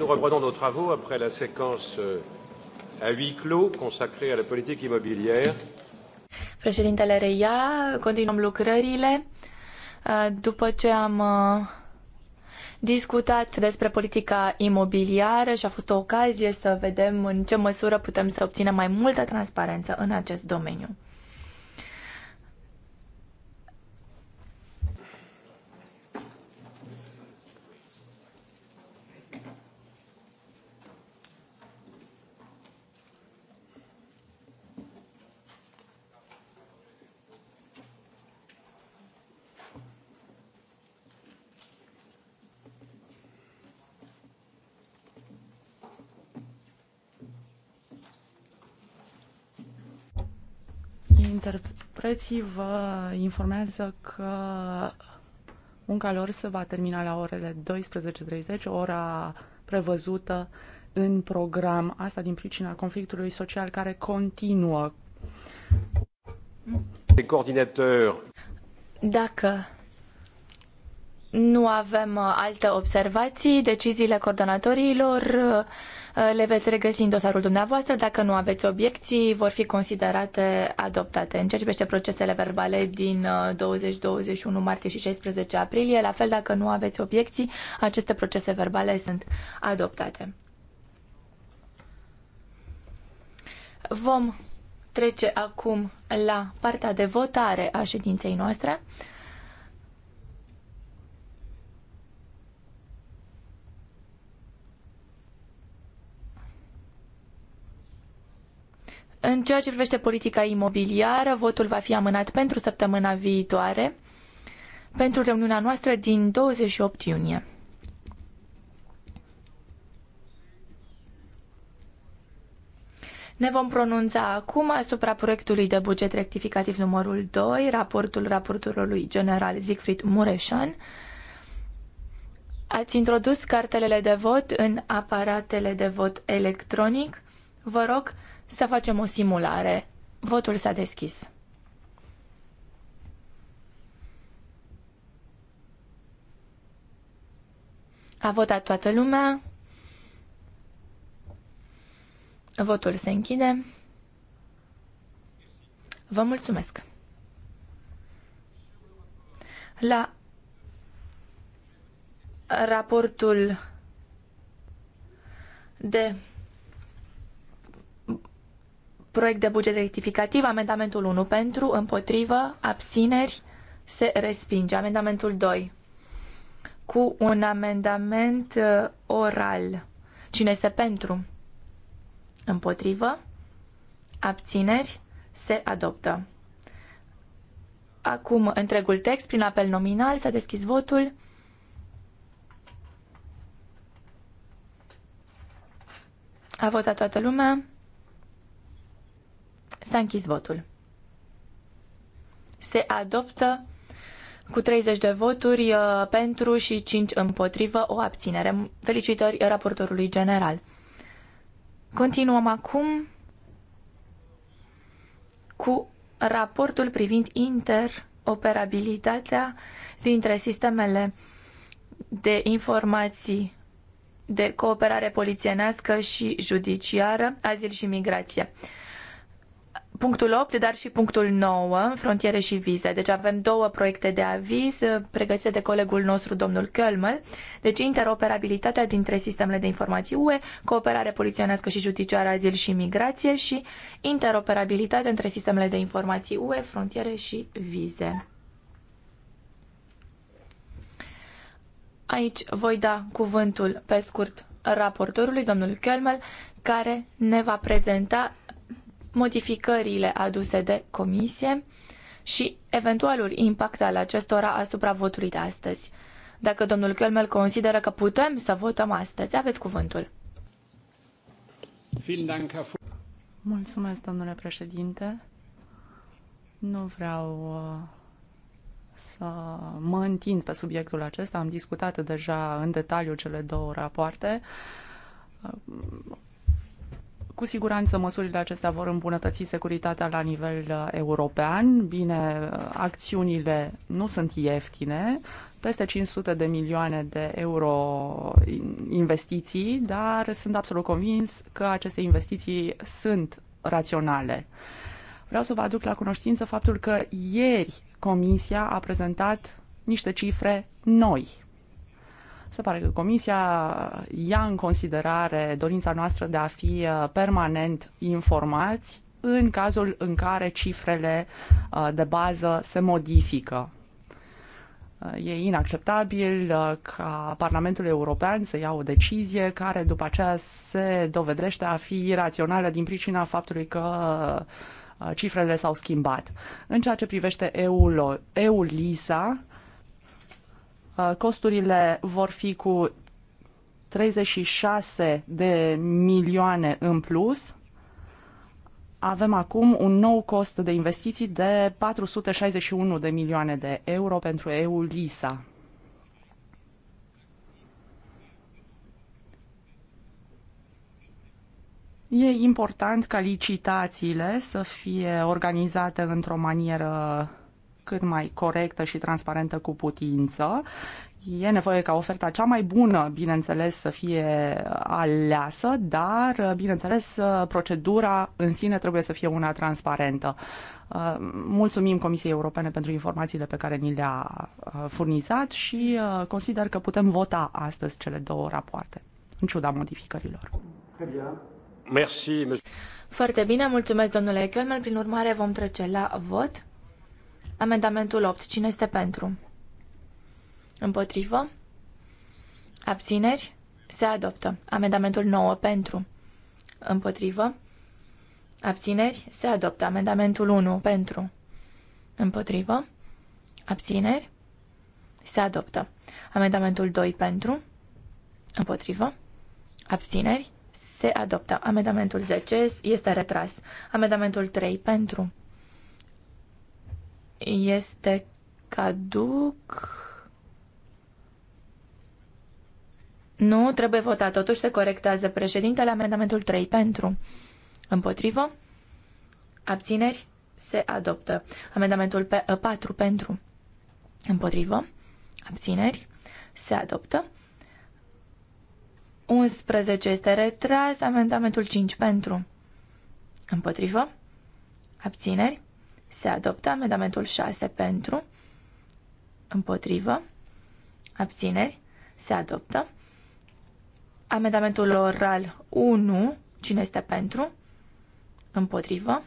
nous reprenons nos travaux après la séquence euh, à huis clos consacrée à la politique immobilière. Președintele reia, continuăm lucrările. Uh, după ce am uh, discutat despre politica imobiliară și a fost o ocazie să vedem în ce măsură putem să obținem mai multă transparență în acest domeniu. preții vă informează că munca lor se va termina la orele 12.30, ora prevăzută în program. Asta din pricina conflictului social care continuă. Dacă nu avem uh, alte observații. Deciziile coordonatorilor uh, le veți regăsi în dosarul dumneavoastră. Dacă nu aveți obiecții, vor fi considerate adoptate. În ceea ce privește procesele verbale din 20-21 uh, martie și 16 aprilie, la fel, dacă nu aveți obiecții, aceste procese verbale sunt adoptate. Vom trece acum la partea de votare a ședinței noastre. În ceea ce privește politica imobiliară, votul va fi amânat pentru săptămâna viitoare, pentru reuniunea noastră din 28 iunie. Ne vom pronunța acum asupra proiectului de buget rectificativ numărul 2, raportul raportorului general Siegfried Mureșan. Ați introdus cartelele de vot în aparatele de vot electronic. Vă rog să facem o simulare. Votul s-a deschis. A votat toată lumea. Votul se închide. Vă mulțumesc. La raportul de proiect de buget rectificativ, amendamentul 1 pentru, împotrivă, abțineri, se respinge. Amendamentul 2 cu un amendament uh, oral. Cine este pentru? Împotrivă, abțineri, se adoptă. Acum întregul text prin apel nominal s-a deschis votul. A votat toată lumea. S-a închis votul. Se adoptă cu 30 de voturi uh, pentru și 5 împotrivă o abținere. Felicitări raportorului general. Continuăm acum cu raportul privind interoperabilitatea dintre sistemele de informații de cooperare polițienească și judiciară, azil și migrație punctul 8, dar și punctul 9, frontiere și vize. Deci avem două proiecte de aviz uh, pregătite de colegul nostru, domnul Kölmel. Deci interoperabilitatea dintre sistemele de informații UE, cooperare poliționească și judiciară, azil și migrație și interoperabilitate între sistemele de informații UE, frontiere și vize. Aici voi da cuvântul pe scurt raportorului, domnul Kölmel, care ne va prezenta modificările aduse de comisie și eventualul impact al acestora asupra votului de astăzi. Dacă domnul Kelmel consideră că putem să votăm astăzi, aveți cuvântul. Mulțumesc, domnule președinte. Nu vreau uh, să mă întind pe subiectul acesta. Am discutat deja în detaliu cele două rapoarte. Uh, cu siguranță măsurile acestea vor îmbunătăți securitatea la nivel uh, european. Bine, uh, acțiunile nu sunt ieftine, peste 500 de milioane de euro investiții, dar sunt absolut convins că aceste investiții sunt raționale. Vreau să vă aduc la cunoștință faptul că ieri Comisia a prezentat niște cifre noi se pare că Comisia ia în considerare dorința noastră de a fi uh, permanent informați în cazul în care cifrele uh, de bază se modifică. Uh, e inacceptabil ca Parlamentul European să ia o decizie care după aceea se dovedește a fi irațională din pricina faptului că cifrele s-au schimbat. În ceea ce privește EU-Lisa. Uh, costurile vor fi cu 36 de milioane în plus. Avem acum un nou cost de investiții de 461 de milioane de euro pentru EULISA. E important ca licitațiile să fie organizate într-o manieră cât mai corectă și transparentă cu putință. E nevoie ca oferta cea mai bună, bineînțeles, să fie aleasă, dar, bineînțeles, procedura în sine trebuie să fie una transparentă. Uh, mulțumim Comisiei Europene pentru informațiile pe care ni le-a uh, furnizat și uh, consider că putem vota astăzi cele două rapoarte, în ciuda modificărilor. Foarte bine, mulțumesc domnule Kelman. Prin urmare vom trece la vot. Amendamentul 8. Cine este pentru? Împotrivă? Abțineri? Se adoptă. Amendamentul 9. Pentru? Împotrivă? Abțineri? Se adoptă. Amendamentul 1. Pentru? Împotrivă? Abțineri? Se adoptă. Amendamentul 2. Pentru? Împotrivă? Abțineri? Se adoptă. Amendamentul 10 este retras. Amendamentul 3. Pentru? este caduc. Nu, trebuie votat. Totuși se corectează președintele amendamentul 3 pentru. Împotrivă? Abțineri? Se adoptă. Amendamentul 4 ă, pentru. Împotrivă? Abțineri? Se adoptă. 11 este retras. Amendamentul 5 pentru. Împotrivă? Abțineri? Se adoptă amendamentul 6 pentru, împotrivă, abțineri, se adoptă. Amendamentul oral 1, cine este pentru, împotrivă,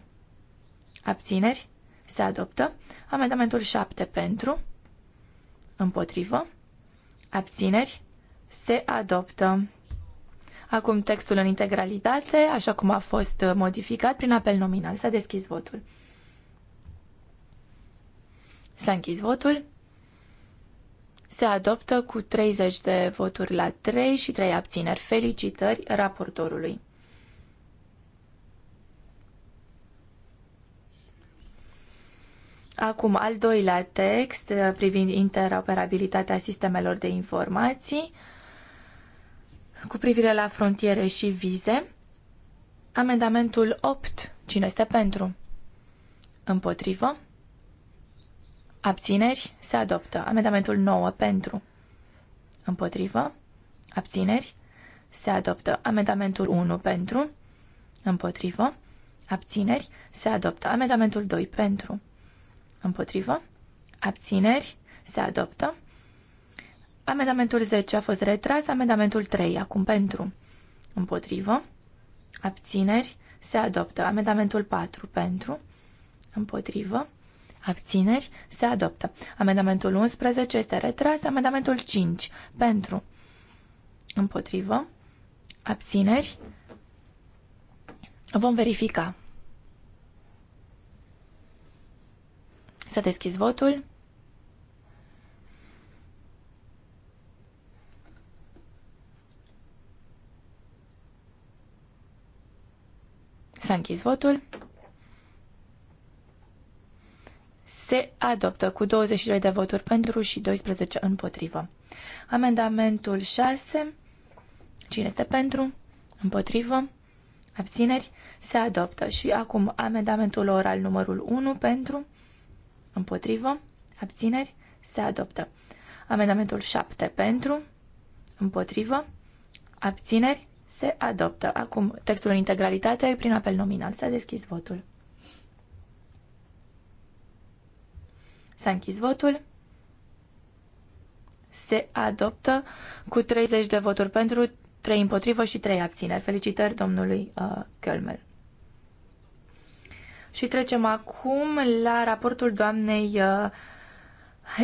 abțineri, se adoptă. Amendamentul 7 pentru, împotrivă, abțineri, se adoptă. Acum textul în integralitate, așa cum a fost modificat prin apel nominal. S-a deschis votul. S-a închis votul. Se adoptă cu 30 de voturi la 3 și 3 abțineri. Felicitări raportorului. Acum, al doilea text uh, privind interoperabilitatea sistemelor de informații cu privire la frontiere și vize. Amendamentul 8. Cine este pentru? Împotrivă? Abțineri? Se adoptă. Amendamentul 9 pentru. Împotrivă. Abțineri? Se adoptă. Amendamentul 1 pentru. Împotrivă. Abțineri? Se adoptă. Amendamentul 2 pentru. Împotrivă. Abțineri? Se adoptă. Amendamentul 10 a fost retras. Amendamentul 3 acum pentru. Împotrivă. Abțineri? Se adoptă. Amendamentul 4 pentru. Împotrivă. Abțineri? Se adoptă. Amendamentul 11 este retras. Amendamentul 5. Pentru. Împotrivă. Abțineri? Vom verifica. Să deschizi votul. S-a închis votul. se adoptă cu 22 de voturi pentru și 12 împotrivă. Amendamentul 6. Cine este pentru? Împotrivă? Abțineri? Se adoptă. Și acum amendamentul oral numărul 1 pentru? Împotrivă? Abțineri? Se adoptă. Amendamentul 7 pentru? Împotrivă? Abțineri? Se adoptă. Acum textul în integralitate prin apel nominal. S-a deschis votul. S-a închis votul. Se adoptă cu 30 de voturi pentru, 3 împotrivă și 3 abțineri. Felicitări domnului uh, Kölmel. Și trecem acum la raportul doamnei uh,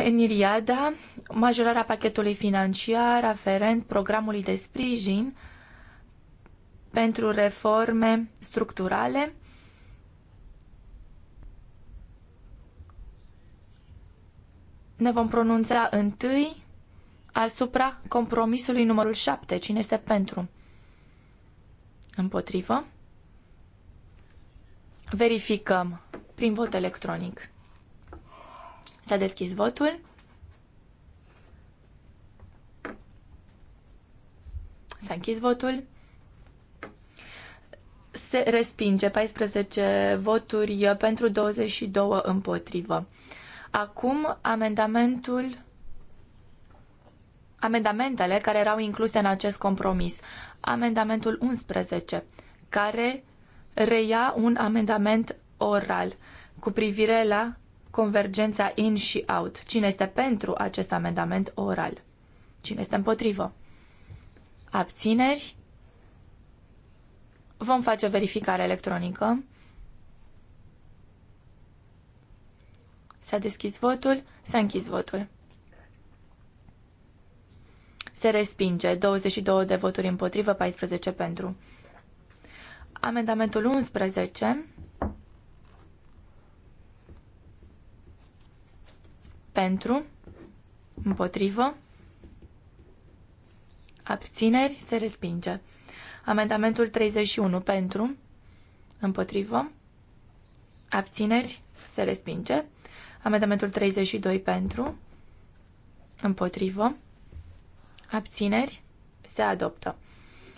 Eniriada, majorarea pachetului financiar aferent programului de sprijin pentru reforme structurale ne vom pronunța întâi asupra compromisului numărul 7. Cine este pentru? Împotrivă? Verificăm prin vot electronic. S-a deschis votul. S-a închis votul. Se respinge 14 voturi pentru 22 împotrivă. Acum, amendamentul amendamentele care erau incluse în acest compromis. Amendamentul 11, care reia un amendament oral cu privire la convergența in și out. Cine este pentru acest amendament oral? Cine este împotrivă? Abțineri? Vom face verificare electronică. S-a deschis votul, s-a închis votul. Se respinge 22 de voturi împotrivă, 14 pentru. Amendamentul 11 pentru, împotrivă, abțineri, se respinge. Amendamentul 31 pentru, împotrivă, abțineri, se respinge. Amendamentul 32 pentru, împotrivă, abțineri, se adoptă.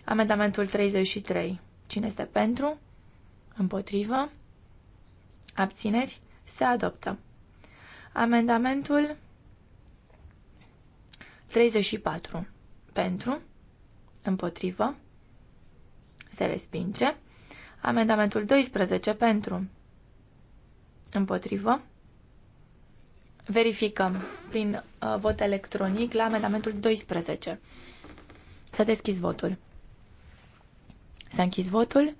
Amendamentul 33. Cine este pentru, împotrivă, abțineri, se adoptă. Amendamentul 34. Pentru, împotrivă, se respinge. Amendamentul 12 pentru, împotrivă, Verificăm prin uh, vot electronic la amendamentul 12. S-a deschis votul. S-a închis votul.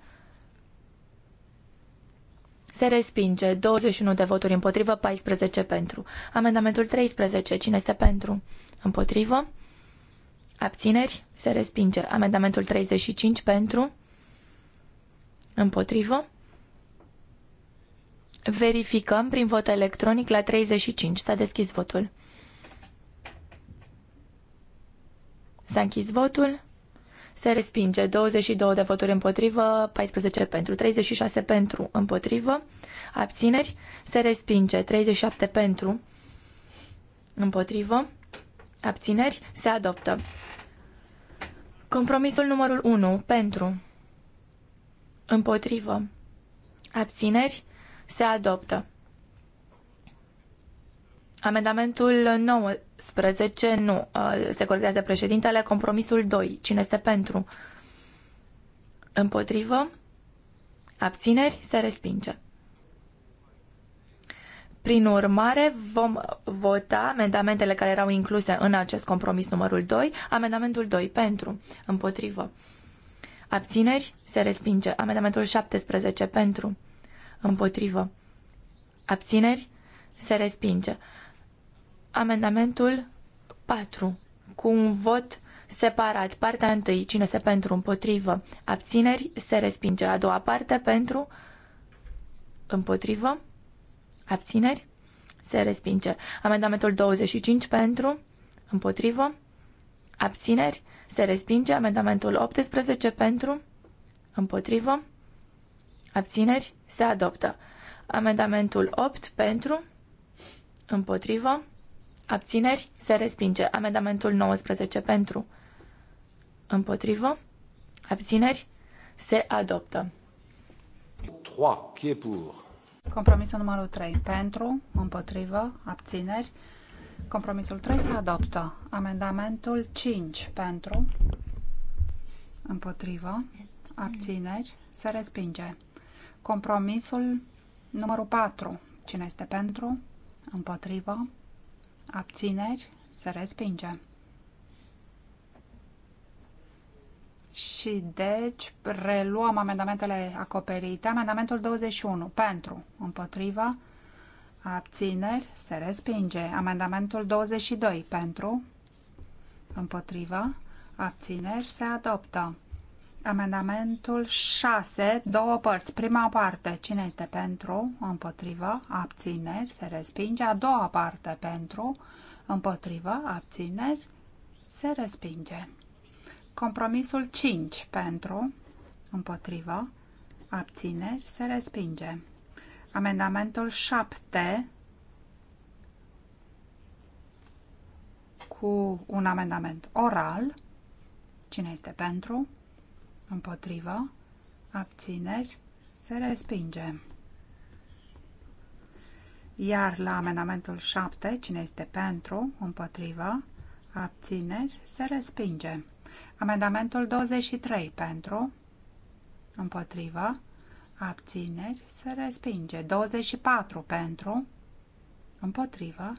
Se respinge 21 de voturi împotrivă, 14 pentru. Amendamentul 13. Cine este pentru? Împotrivă. Abțineri. Se respinge. Amendamentul 35 pentru. Împotrivă. Verificăm prin vot electronic la 35. S-a deschis votul. S-a închis votul. Se respinge 22 de voturi împotrivă, 14 pentru, 36 pentru, împotrivă, abțineri. Se respinge 37 pentru, împotrivă, abțineri. Se adoptă. Compromisul numărul 1 pentru, împotrivă, abțineri. Se adoptă. Amendamentul 19 nu. Uh, se corectează președintele. Compromisul 2. Cine este pentru? Împotrivă? Abțineri? Se respinge. Prin urmare, vom vota amendamentele care erau incluse în acest compromis numărul 2. Amendamentul 2 pentru, împotrivă. Abțineri se respinge. Amendamentul 17 pentru, Împotrivă. Abțineri? Se respinge. Amendamentul 4. Cu un vot separat. Partea întâi. Cine se pentru? Împotrivă. Abțineri? Se respinge. A doua parte pentru? Împotrivă. Abțineri? Se respinge. Amendamentul 25 pentru? Împotrivă. Abțineri? Se respinge. Amendamentul 18 pentru? Împotrivă. Abțineri? Se adoptă. Amendamentul 8 pentru, împotrivă, abțineri, se respinge. Amendamentul 19 pentru, împotrivă, abțineri, se adoptă. 3. qui est pour? Compromisul numărul 3. Pentru, împotrivă, abțineri. Compromisul 3 se adoptă. Amendamentul 5. Pentru, împotrivă, abțineri, se respinge. Compromisul numărul 4. Cine este pentru? Împotrivă? Abțineri? Se respinge. Și deci reluăm amendamentele acoperite. Amendamentul 21. Pentru. Împotrivă? Abțineri? Se respinge. Amendamentul 22. Pentru. Împotrivă? Abțineri? Se adoptă. Amendamentul 6, două părți. Prima parte, cine este pentru, împotrivă, abțineri, se respinge. A doua parte, pentru, împotrivă, abțineri, se respinge. Compromisul 5, pentru, împotrivă, abțineri, se respinge. Amendamentul 7, cu un amendament oral, cine este pentru, împotrivă, abțineri, se respinge. Iar la amendamentul 7, cine este pentru, împotrivă, abțineri, se respinge. Amendamentul 23, pentru, împotrivă, abțineri, se respinge. 24, pentru, împotrivă,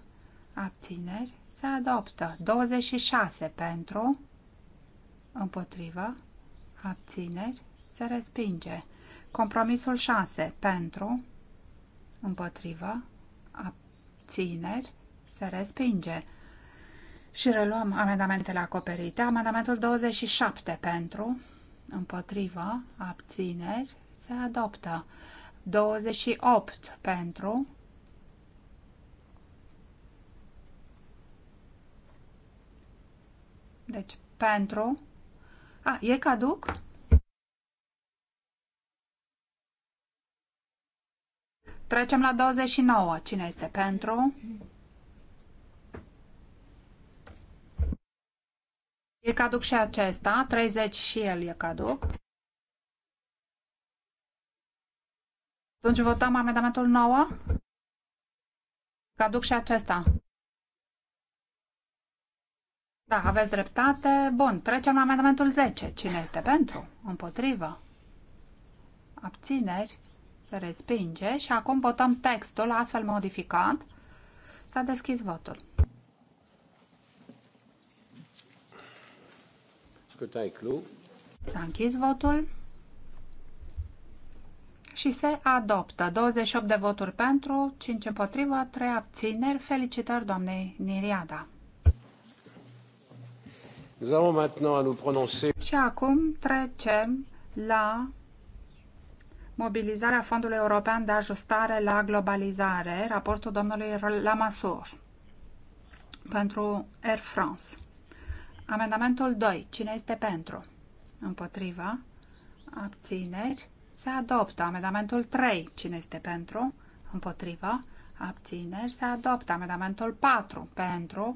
abțineri, se adoptă. 26, pentru, împotrivă, abțineri, se respinge. Compromisul 6 pentru, împotrivă, abțineri, se respinge. Și reluăm amendamentele acoperite. Amendamentul 27 pentru, împotrivă, abțineri, se adoptă. 28 pentru, deci pentru, a, e caduc? Trecem la 29. Cine este pentru? E caduc și acesta. 30 și el e caduc. Atunci votăm amendamentul 9. Caduc și acesta. Da, aveți dreptate. Bun, trecem la amendamentul 10. Cine este pentru? Împotrivă? Abțineri? Se respinge. Și acum votăm textul astfel modificat. S-a deschis votul. S-a închis votul și se adoptă. 28 de voturi pentru, 5 împotrivă, 3 abțineri. Felicitări doamnei Niriada. Și acum trecem la mobilizarea Fondului European de Ajustare la Globalizare, raportul domnului Lamassur pentru Air France. Amendamentul 2. Cine este pentru? Împotriva. Abțineri. Se adoptă. Amendamentul 3. Cine este pentru? Împotriva. Abțineri. Se adoptă. Amendamentul 4. Pentru.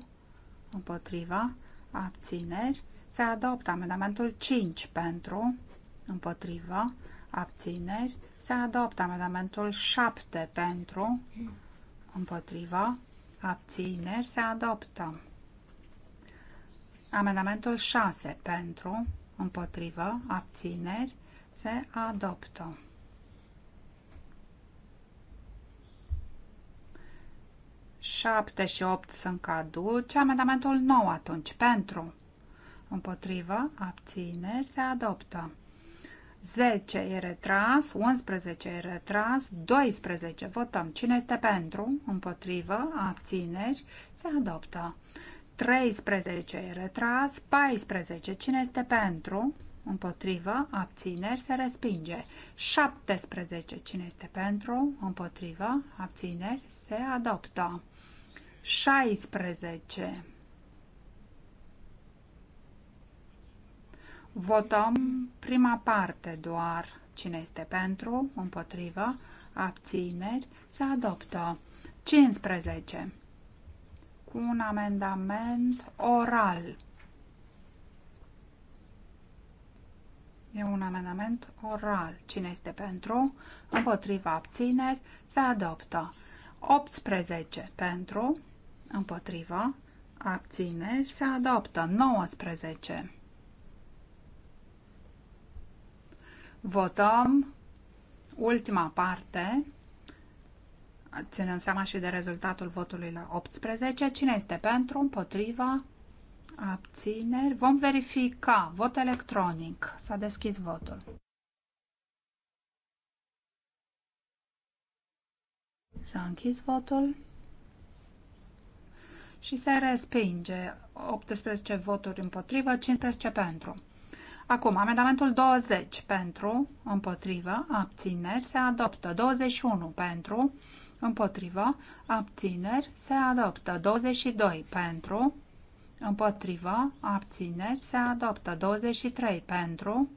Împotriva abțineri, se adoptă amendamentul 5 pentru, împotrivă, abțineri, se adoptă amendamentul 7 pentru, împotrivă, abțineri, se adoptă. Amendamentul 6 pentru, împotrivă, abțineri, se adoptă. 7 și 8 sunt caduce. Amendamentul 9 atunci. Pentru. Împotrivă. Abțineri. Se adoptă. 10 e retras, 11 e retras, 12 votăm. Cine este pentru? Împotrivă. Abțineri. Se adoptă. 13 e retras, 14 cine este pentru? Împotrivă, abțineri, se respinge. 17 cine este pentru? Împotrivă, abțineri, se adoptă. 16. Votăm prima parte doar. Cine este pentru, împotrivă, abțineri, se adoptă. 15. Cu un amendament oral. E un amendament oral. Cine este pentru, împotrivă, abțineri, se adoptă. 18. Pentru, Împotriva. abțineri, se adoptă. 19. Votăm ultima parte, ținând seama și de rezultatul votului la 18. Cine este pentru, împotriva, abțineri? Vom verifica. Vot electronic. S-a deschis votul. S-a închis votul și se respinge 18 voturi împotrivă, 15 pentru. Acum, amendamentul 20 pentru, împotrivă, abțineri, se adoptă. 21 pentru, împotrivă, abțineri, se adoptă. 22 pentru, împotrivă, abțineri, se adoptă. 23 pentru,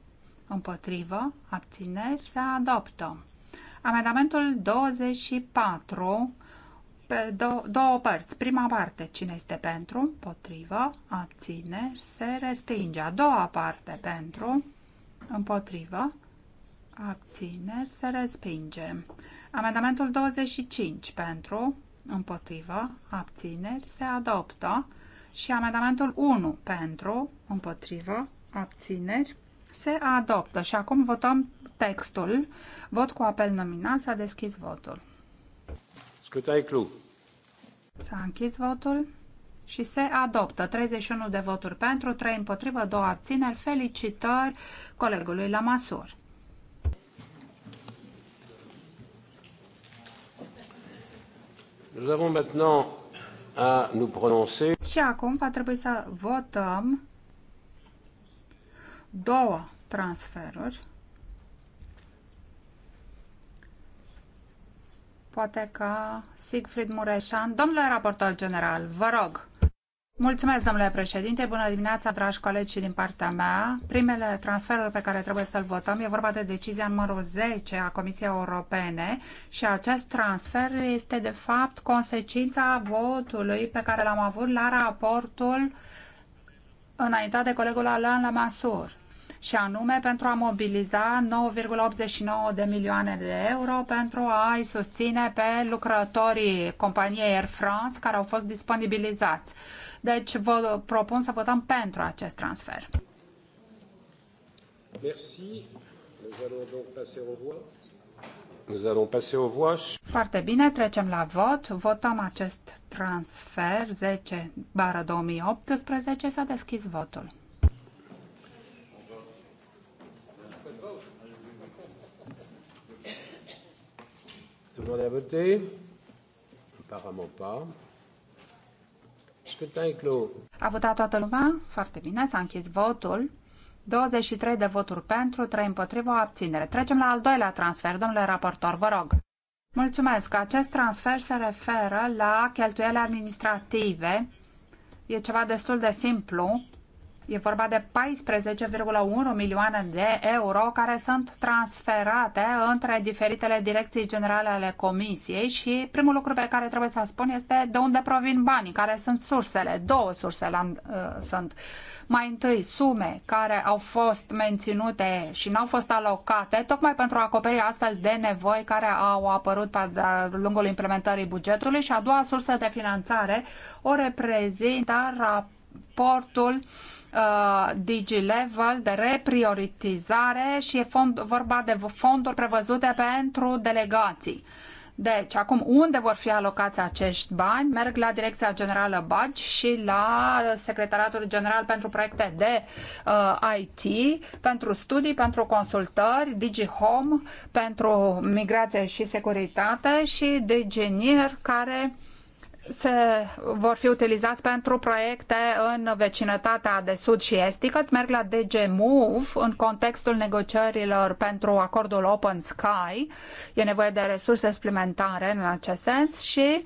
împotrivă, abțineri, se adoptă. Amendamentul 24 pe dou două părți. Prima parte, cine este pentru, împotrivă, abține, se respinge. A doua parte, pentru, împotrivă, abține, se respinge. Amendamentul 25, pentru, împotrivă, abține, se adoptă. Și amendamentul 1, pentru, împotrivă, abțineri, se adoptă. Și acum votăm textul. Vot cu apel nominal. S-a deschis votul. Scutai clu. S-a închis votul și se adoptă 31 de voturi pentru, 3 împotrivă, 2 abțineri. Felicitări colegului Lamasur. Nous avons maintenant à nous prononcer. Și acum va trebui să votăm două transferuri Poate că Siegfried Mureșan, domnule raportor general, vă rog. Mulțumesc, domnule președinte. Bună dimineața, dragi colegi din partea mea. Primele transferuri pe care trebuie să-l votăm e vorba de decizia numărul 10 a Comisiei Europene și acest transfer este, de fapt, consecința votului pe care l-am avut la raportul înaintat de colegul Alain Lamassur și anume pentru a mobiliza 9,89 de milioane de euro pentru a-i susține pe lucrătorii companiei Air France care au fost disponibilizați. Deci vă propun să votăm pentru acest transfer. Merci. Nous allons passer au Foarte bine, trecem la vot. Votăm acest transfer 10 bară 2018. S-a deschis votul. Tout le monde a voté Apparemment pas. Scrutin clos. A votat toată lumea? Foarte bine, s-a închis votul. 23 de voturi pentru, 3 împotriva, o abținere. Trecem la al doilea transfer, domnule raportor, vă rog. Mulțumesc. Acest transfer se referă la cheltuiele administrative. E ceva destul de simplu E vorba de 14,1 milioane de euro care sunt transferate între diferitele direcții generale ale Comisiei și primul lucru pe care trebuie să spun este de unde provin banii, care sunt sursele. Două surse la, uh, sunt. Mai întâi sume care au fost menținute și n-au fost alocate tocmai pentru a acoperi astfel de nevoi care au apărut pe lungul implementării bugetului și a doua sursă de finanțare o reprezintă raportul uh, DigiLevel, de reprioritizare și e fond, vorba de fonduri prevăzute pentru delegații. Deci, acum, unde vor fi alocați acești bani? Merg la Direcția Generală Bagi și la Secretariatul General pentru Proiecte de uh, IT, pentru studii, pentru consultări, DigiHome, pentru migrație și securitate și DigiNIR, care uh, se vor fi utilizați pentru proiecte în vecinătatea de sud și estică. Merg la DG Move în contextul negocierilor pentru acordul Open Sky. E nevoie de resurse suplimentare în acest sens și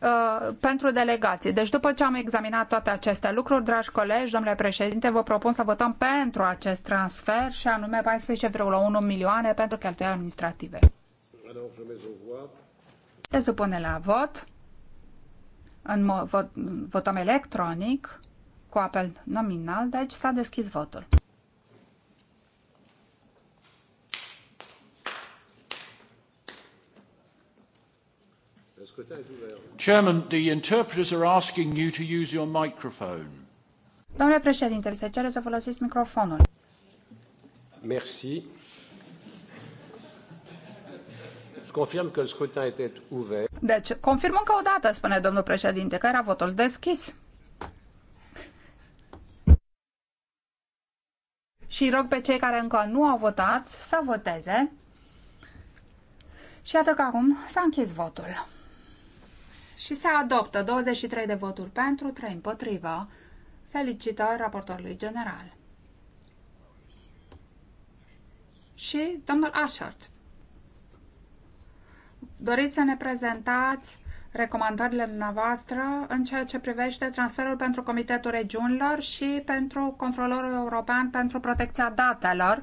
uh, pentru delegații. Deci după ce am examinat toate aceste lucruri, dragi colegi, domnule președinte, vă propun să votăm pentru acest transfer și anume 14,1 milioane pentru cheltuieli administrative. Se supune la vot. În vot, votăm electronic cu apel nominal, deci s-a deschis votul. Chairman, the interpreters are asking you to use your microphone. Domnule președinte, se cere să folosiți microfonul. Merci. Je confirme que le scrutin était ouvert. Deci, confirm încă o dată, spune domnul președinte, că era votul deschis. Și rog pe cei care încă nu au votat să voteze. Și iată că acum s-a închis votul. Și se adoptă 23 de voturi pentru, 3 împotriva. Felicitări raportorului general. Și domnul Ashart. Doriți să ne prezentați recomandările dumneavoastră în ceea ce privește transferul pentru Comitetul Regiunilor și pentru Controlorul European pentru Protecția Datelor,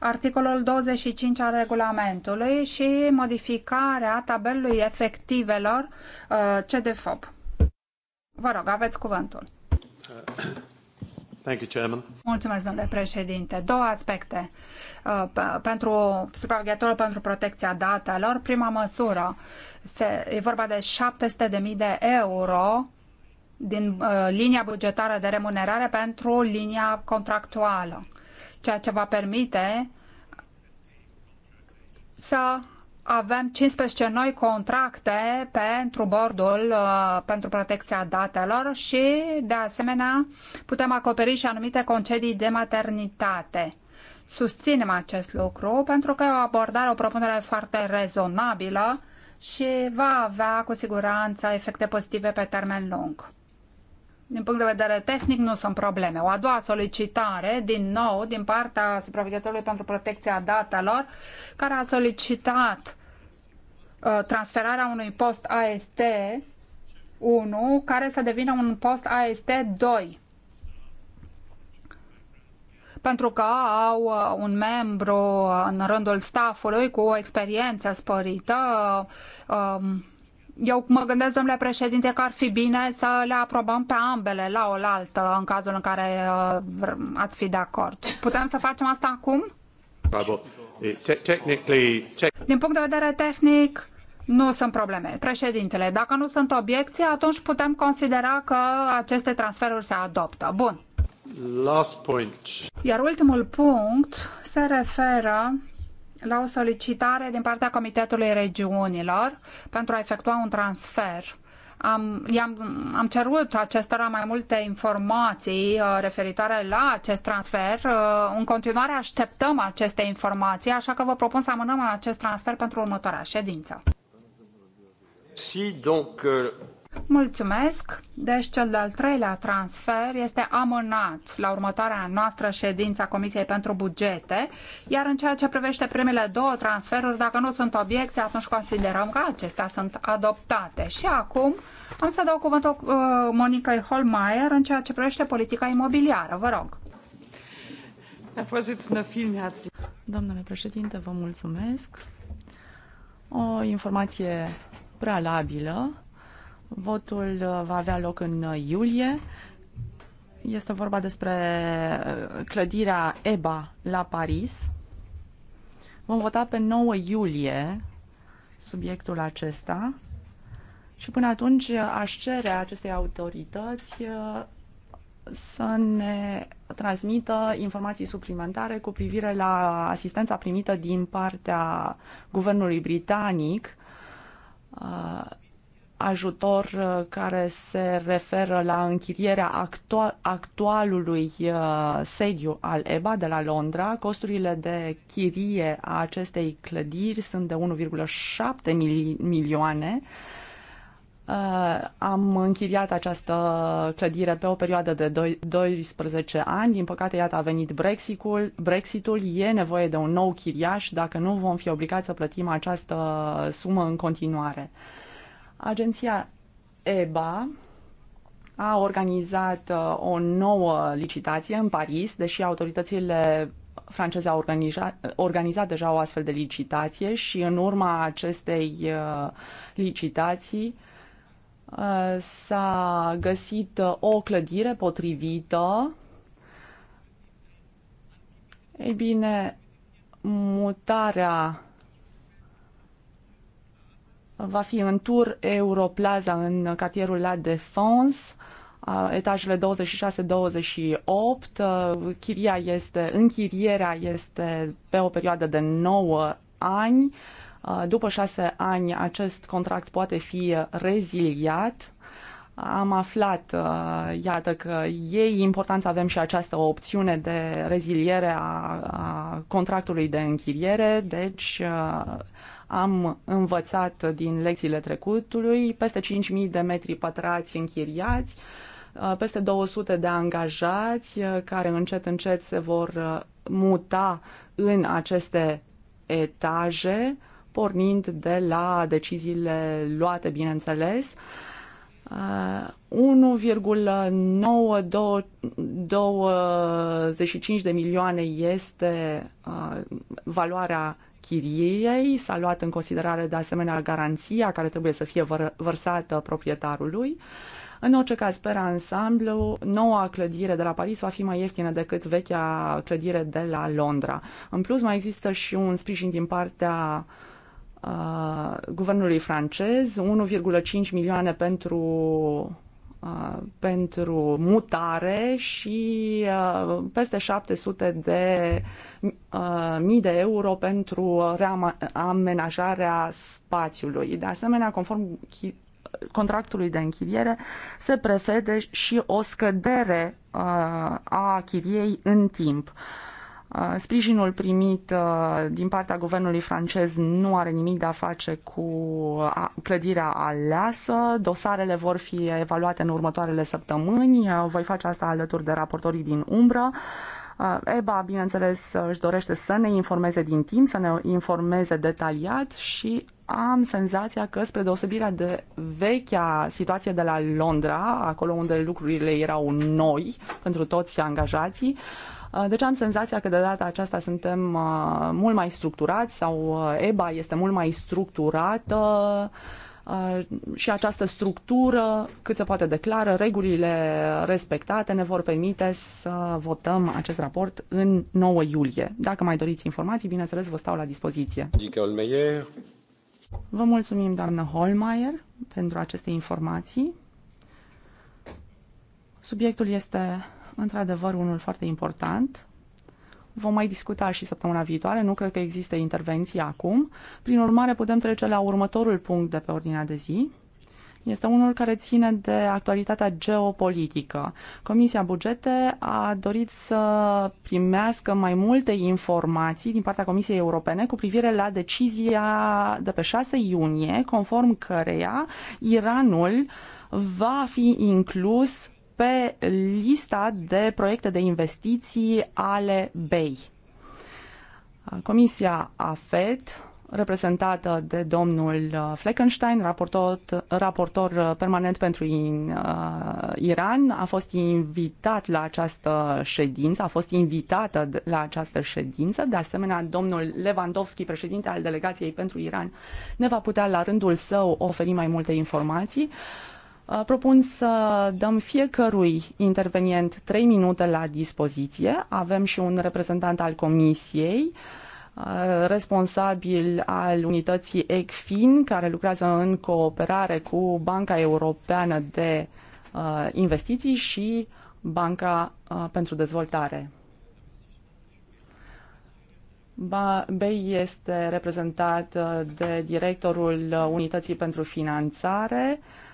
articolul 25 al regulamentului și modificarea tabelului efectivelor uh, CDFOP. Vă rog, aveți cuvântul. Mulțumesc, domnule președinte. Două aspecte uh, pentru supraveghetorul pentru protecția datelor. Prima măsură, se, e vorba de 700.000 de euro din uh, linia bugetară de remunerare pentru linia contractuală, ceea ce va permite să avem 15 noi contracte pentru bordul uh, pentru protecția datelor și, de asemenea, putem acoperi și anumite concedii de maternitate. Susținem acest lucru pentru că e o abordare, o propunere foarte rezonabilă și va avea cu siguranță efecte pozitive pe termen lung. Din punct de vedere tehnic nu sunt probleme. O a doua solicitare, din nou, din partea supraveghetorului pentru protecția datelor, care a solicitat Uh, transferarea unui post AST 1 care să devină un post AST 2 pentru că au uh, un membru uh, în rândul staffului cu o experiență sporită. Um, eu mă gândesc, domnule președinte, că ar fi bine să le aprobăm pe ambele la oaltă în cazul în care ați fi de acord. Putem să facem asta acum? Bravo. Din punct de vedere tehnic, nu sunt probleme. Președintele, dacă nu sunt obiecții, atunci putem considera că aceste transferuri se adoptă. Bun. Last point. Iar ultimul punct se referă la o solicitare din partea Comitetului Regiunilor pentru a efectua un transfer am, i-am, am cerut acestora mai multe informații uh, referitoare la acest transfer. Uh, în continuare așteptăm aceste informații, așa că vă propun să amânăm acest transfer pentru următoarea ședință. Si, donc, euh, Mulțumesc. Deci cel de-al treilea transfer este amânat la următoarea noastră ședință a Comisiei pentru Bugete, iar în ceea ce privește primele două transferuri, dacă nu sunt obiecții, atunci considerăm că acestea sunt adoptate. Și acum am să dau cuvântul uh, Monicăi Holmeier în ceea ce privește politica imobiliară. Vă rog. Domnule președinte, vă mulțumesc. O informație prealabilă Votul uh, va avea loc în uh, iulie. Este vorba despre uh, clădirea EBA la Paris. Vom vota pe 9 iulie subiectul acesta și până atunci aș cere acestei autorități să ne transmită informații suplimentare cu privire la asistența primită din partea guvernului britanic ajutor uh, care se referă la închirierea actualului uh, sediu al EBA de la Londra. Costurile de chirie a acestei clădiri sunt de 1,7 milioane. Uh, am închiriat această clădire pe o perioadă de 12 ani. Din păcate, iată, a venit Brexitul. Brexitul e nevoie de un nou chiriaș dacă nu vom fi obligați să plătim această sumă în continuare. Agenția EBA a organizat uh, o nouă licitație în Paris, deși autoritățile franceze au organizat, organizat deja o astfel de licitație și în urma acestei uh, licitații uh, s-a găsit o clădire potrivită. Ei bine, mutarea va fi în tur Europlaza în cartierul La Défense, etajele 26-28, chiria este, închirierea este pe o perioadă de 9 ani. După 6 ani acest contract poate fi reziliat. Am aflat, iată, că ei important să avem și această opțiune de reziliere a, a contractului de închiriere, deci am învățat din lecțiile trecutului peste 5.000 de metri pătrați închiriați, uh, peste 200 de angajați uh, care încet încet se vor uh, muta în aceste etaje, pornind de la deciziile luate, bineînțeles. 1,925 de milioane este valoarea chiriei, s-a luat în considerare de asemenea garanția care trebuie să fie vărsată proprietarului. În orice caz, pe ansamblu, noua clădire de la Paris va fi mai ieftină decât vechea clădire de la Londra. În plus, mai există și un sprijin din partea uh, guvernului francez, 1,5 milioane pentru Uh, pentru mutare și uh, peste 700 de uh, mii de euro pentru reamenajarea spațiului. De asemenea, conform contractului de închiriere se prevede și o scădere a chiriei în timp. Uh, sprijinul primit uh, din partea guvernului francez nu are nimic de a face cu uh, clădirea aleasă. Dosarele vor fi evaluate în următoarele săptămâni. Voi face asta alături de raportorii din umbră. EBA, bineînțeles, își dorește să ne informeze din timp, să ne informeze detaliat și am senzația că, spre deosebirea de vechea situație de la Londra, acolo unde lucrurile erau noi pentru toți angajații, uh, Uh, deci am senzația că de data aceasta suntem uh, mult mai structurați sau uh, EBA este mult mai structurată și această structură cât se poate declară, regulile respectate ne vor permite să votăm acest raport în 9 iulie. Dacă mai doriți informații, bineînțeles, vă stau la dispoziție. Vă mulțumim, doamnă Holmeier, pentru aceste informații. Subiectul este într-adevăr, unul foarte important. Vom mai discuta și săptămâna viitoare, nu cred că există intervenții acum. Prin urmare, putem trece la următorul punct de pe ordinea de zi. Este unul care ține de actualitatea geopolitică. Comisia Bugete a dorit să primească mai multe informații din partea Comisiei Europene cu privire la decizia de pe 6 iunie, conform căreia Iranul va fi inclus pe lista de proiecte de investiții ale BEI. Comisia AFET, reprezentată de domnul uh, Fleckenstein, raportor, raportor uh, permanent pentru uh, Iran, a fost invitat la această ședință, a fost invitată la această ședință. De asemenea, domnul Lewandowski, președinte al delegației pentru Iran, ne va putea la rândul său oferi mai multe informații. Uh, Uh, propun să dăm fiecărui intervenient 3 minute la dispoziție. Avem și un reprezentant al Comisiei uh, responsabil al unității ECFIN, care lucrează în cooperare cu Banca Europeană de uh, Investiții și Banca pentru Dezvoltare. BEI este reprezentat de directorul Unității pentru Finanțare, uh,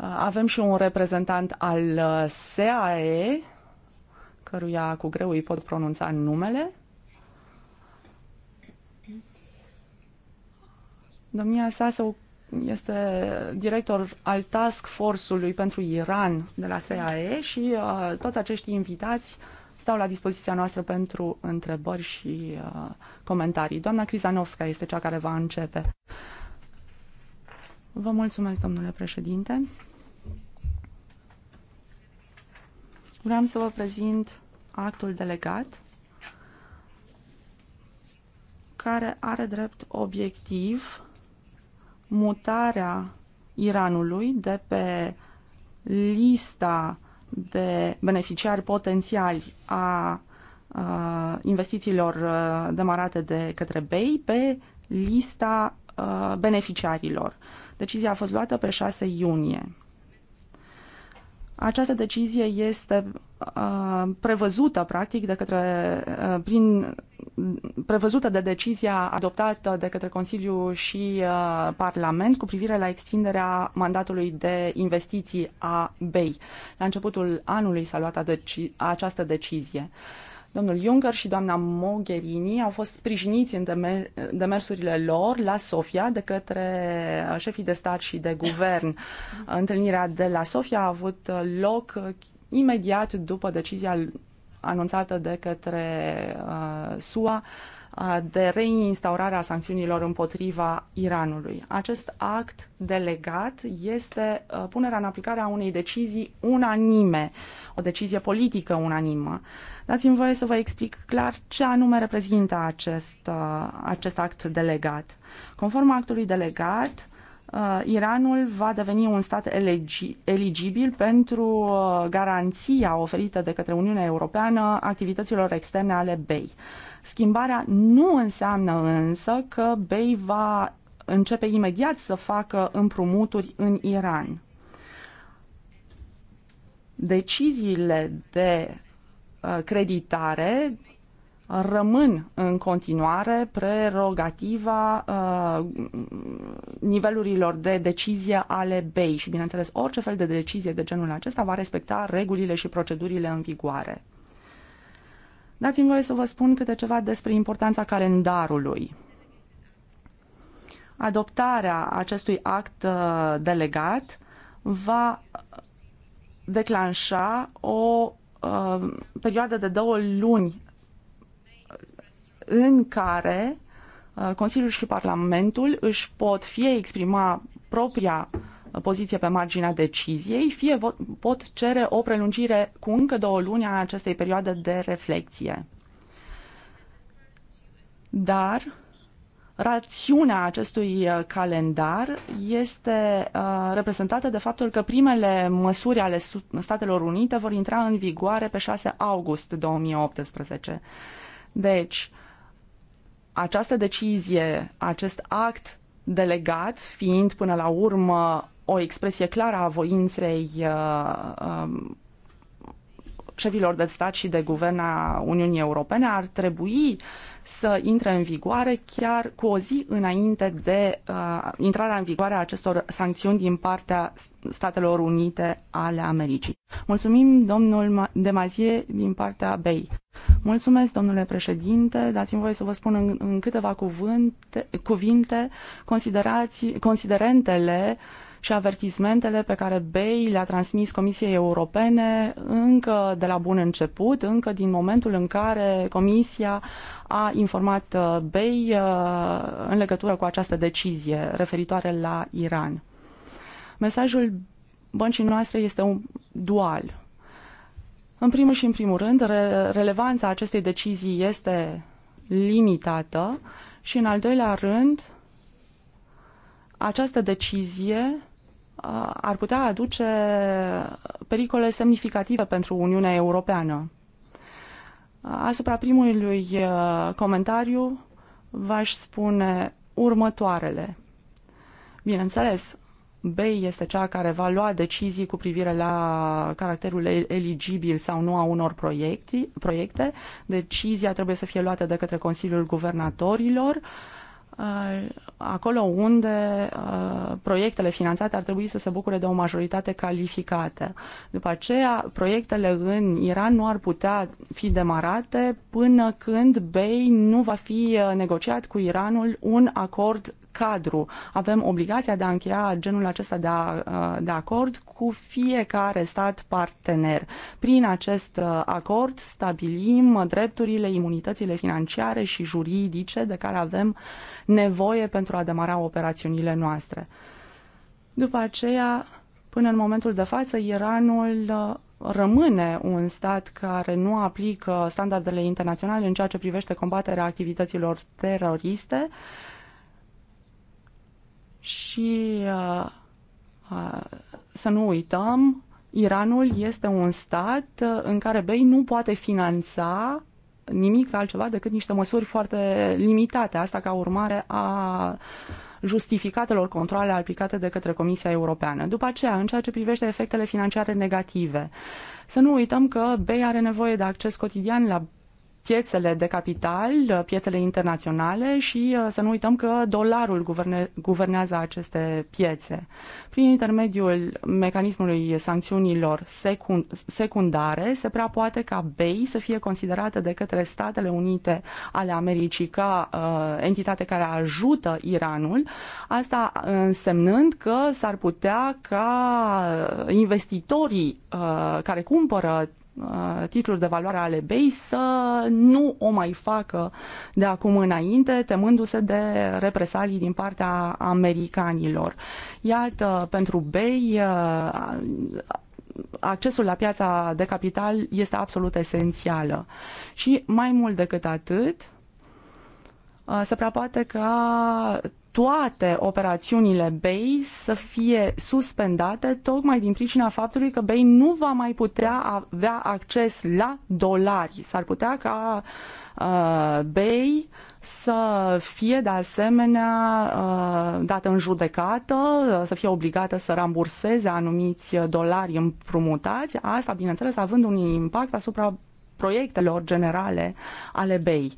avem și un reprezentant al uh, SAE, căruia cu greu îi pot pronunța numele. Domnia sa este director al Task Force-ului pentru Iran de la SAE și uh, toți acești invitați stau la dispoziția noastră pentru întrebări și uh, comentarii. Doamna Crizanovska este cea care va începe. Vă mulțumesc, domnule președinte. Vreau să vă prezint actul delegat care are drept obiectiv mutarea Iranului de pe lista de beneficiari potențiali a investițiilor demarate de către BEI pe lista beneficiarilor. Uh, Decizia a fost luată pe 6 iunie. Această decizie este uh, prevăzută, practic, de către, uh, prin, prevăzută de decizia adoptată de către Consiliu și uh, Parlament cu privire la extinderea mandatului de investiții a BEI. La începutul anului s-a luat deci această decizie. Uh, Domnul Juncker și doamna Mogherini au fost sprijiniți în demersurile lor la Sofia de către șefii de stat și de guvern. Întâlnirea de la Sofia a avut loc imediat după decizia anunțată de către uh, SUA uh, de reinstaurare a sancțiunilor împotriva Iranului. Acest act delegat este punerea în aplicare a unei decizii unanime, o decizie politică unanimă. Dați-mi voie să vă explic clar ce anume reprezintă acest, acest act delegat. Conform actului delegat, Iranul va deveni un stat eligibil pentru garanția oferită de către Uniunea Europeană activităților externe ale BEI. Schimbarea nu înseamnă însă că Bey va începe imediat să facă împrumuturi în Iran. Deciziile de uh, creditare rămân în continuare prerogativa uh, nivelurilor de decizie ale BEI și, bineînțeles, orice fel de decizie de genul acesta va respecta regulile și procedurile în vigoare. Dați-mi voie să vă spun câte ceva despre importanța calendarului. Adoptarea acestui act uh, delegat va declanșa o uh, perioadă de două luni în care uh, Consiliul și Parlamentul își pot fie exprima propria uh, poziție pe marginea deciziei, fie pot cere o prelungire cu încă două luni a acestei perioade de reflexie. Dar rațiunea acestui uh, calendar este uh, reprezentată de faptul că primele măsuri ale Statelor Unite vor intra în vigoare pe 6 august 2018. Deci, această decizie, acest act delegat, fiind până la urmă o expresie clară a voinței uh, um, șefilor de stat și de guvern a Uniunii Europene ar trebui să intre în vigoare chiar cu o zi înainte de uh, intrarea în vigoare a acestor sancțiuni din partea Statelor Unite ale Americii. Mulțumim, domnul Demazie, din partea BEI. Mulțumesc, domnule președinte. Dați-mi voie să vă spun în, în câteva cuvinte, cuvinte considerați, considerentele uh, și avertismentele pe care BEI le-a transmis Comisiei Europene încă de la bun început, încă din momentul în care Comisia a informat uh, BEI uh, în legătură cu această decizie referitoare la Iran. Mesajul băncii noastre este un dual. În primul și în primul rând, re- relevanța acestei decizii este limitată și în al doilea rând, această decizie ar putea aduce pericole semnificative pentru Uniunea Europeană. Asupra primului comentariu v-aș spune următoarele. Bineînțeles, BEI este cea care va lua decizii cu privire la caracterul eligibil sau nu a unor proiecte. Decizia trebuie să fie luată de către Consiliul Guvernatorilor. Uh, Uh, acolo unde uh, proiectele finanțate ar trebui să se bucure de o majoritate calificată. După aceea, proiectele în Iran nu ar putea fi demarate până când BEI nu va fi uh, negociat cu Iranul un acord cadru. Avem obligația de a încheia genul acesta de, a, uh, de acord cu fiecare stat partener. Prin acest uh, acord stabilim drepturile, imunitățile financiare și juridice de care avem nevoie pentru a demara operațiunile noastre. După aceea, până în momentul de față, Iranul uh, rămâne un stat care nu aplică standardele internaționale în ceea ce privește combaterea activităților teroriste. Uh, și uh, uh, să nu uităm, Iranul este un stat uh, în care BEI nu poate finanța nimic altceva decât niște măsuri foarte limitate, asta ca urmare a justificatelor controle aplicate de către Comisia Europeană. După aceea, în ceea ce privește efectele financiare negative, să nu uităm că BEI are nevoie de acces cotidian la piețele de capital, piețele internaționale și uh, să nu uităm că dolarul guverne, guvernează aceste piețe. Prin intermediul mecanismului sancțiunilor secund, secundare, se prea poate ca BEI să fie considerată de către Statele Unite ale Americii ca uh, entitate care ajută Iranul, asta însemnând că s-ar putea ca investitorii uh, care cumpără Uh, titluri de valoare ale BEI să nu o mai facă de acum înainte, temându-se de represalii din partea americanilor. Iată, pentru BEI uh, accesul la piața de capital este absolut esențială. Și mai mult decât atât, uh, se prea poate ca toate operațiunile BEI să fie suspendate tocmai din pricina faptului că BEI nu va mai putea avea acces la dolari. S-ar putea ca uh, BEI să fie de asemenea uh, dată în judecată, să fie obligată să ramburseze anumiți dolari împrumutați, asta bineînțeles având un impact asupra proiectelor generale ale BEI.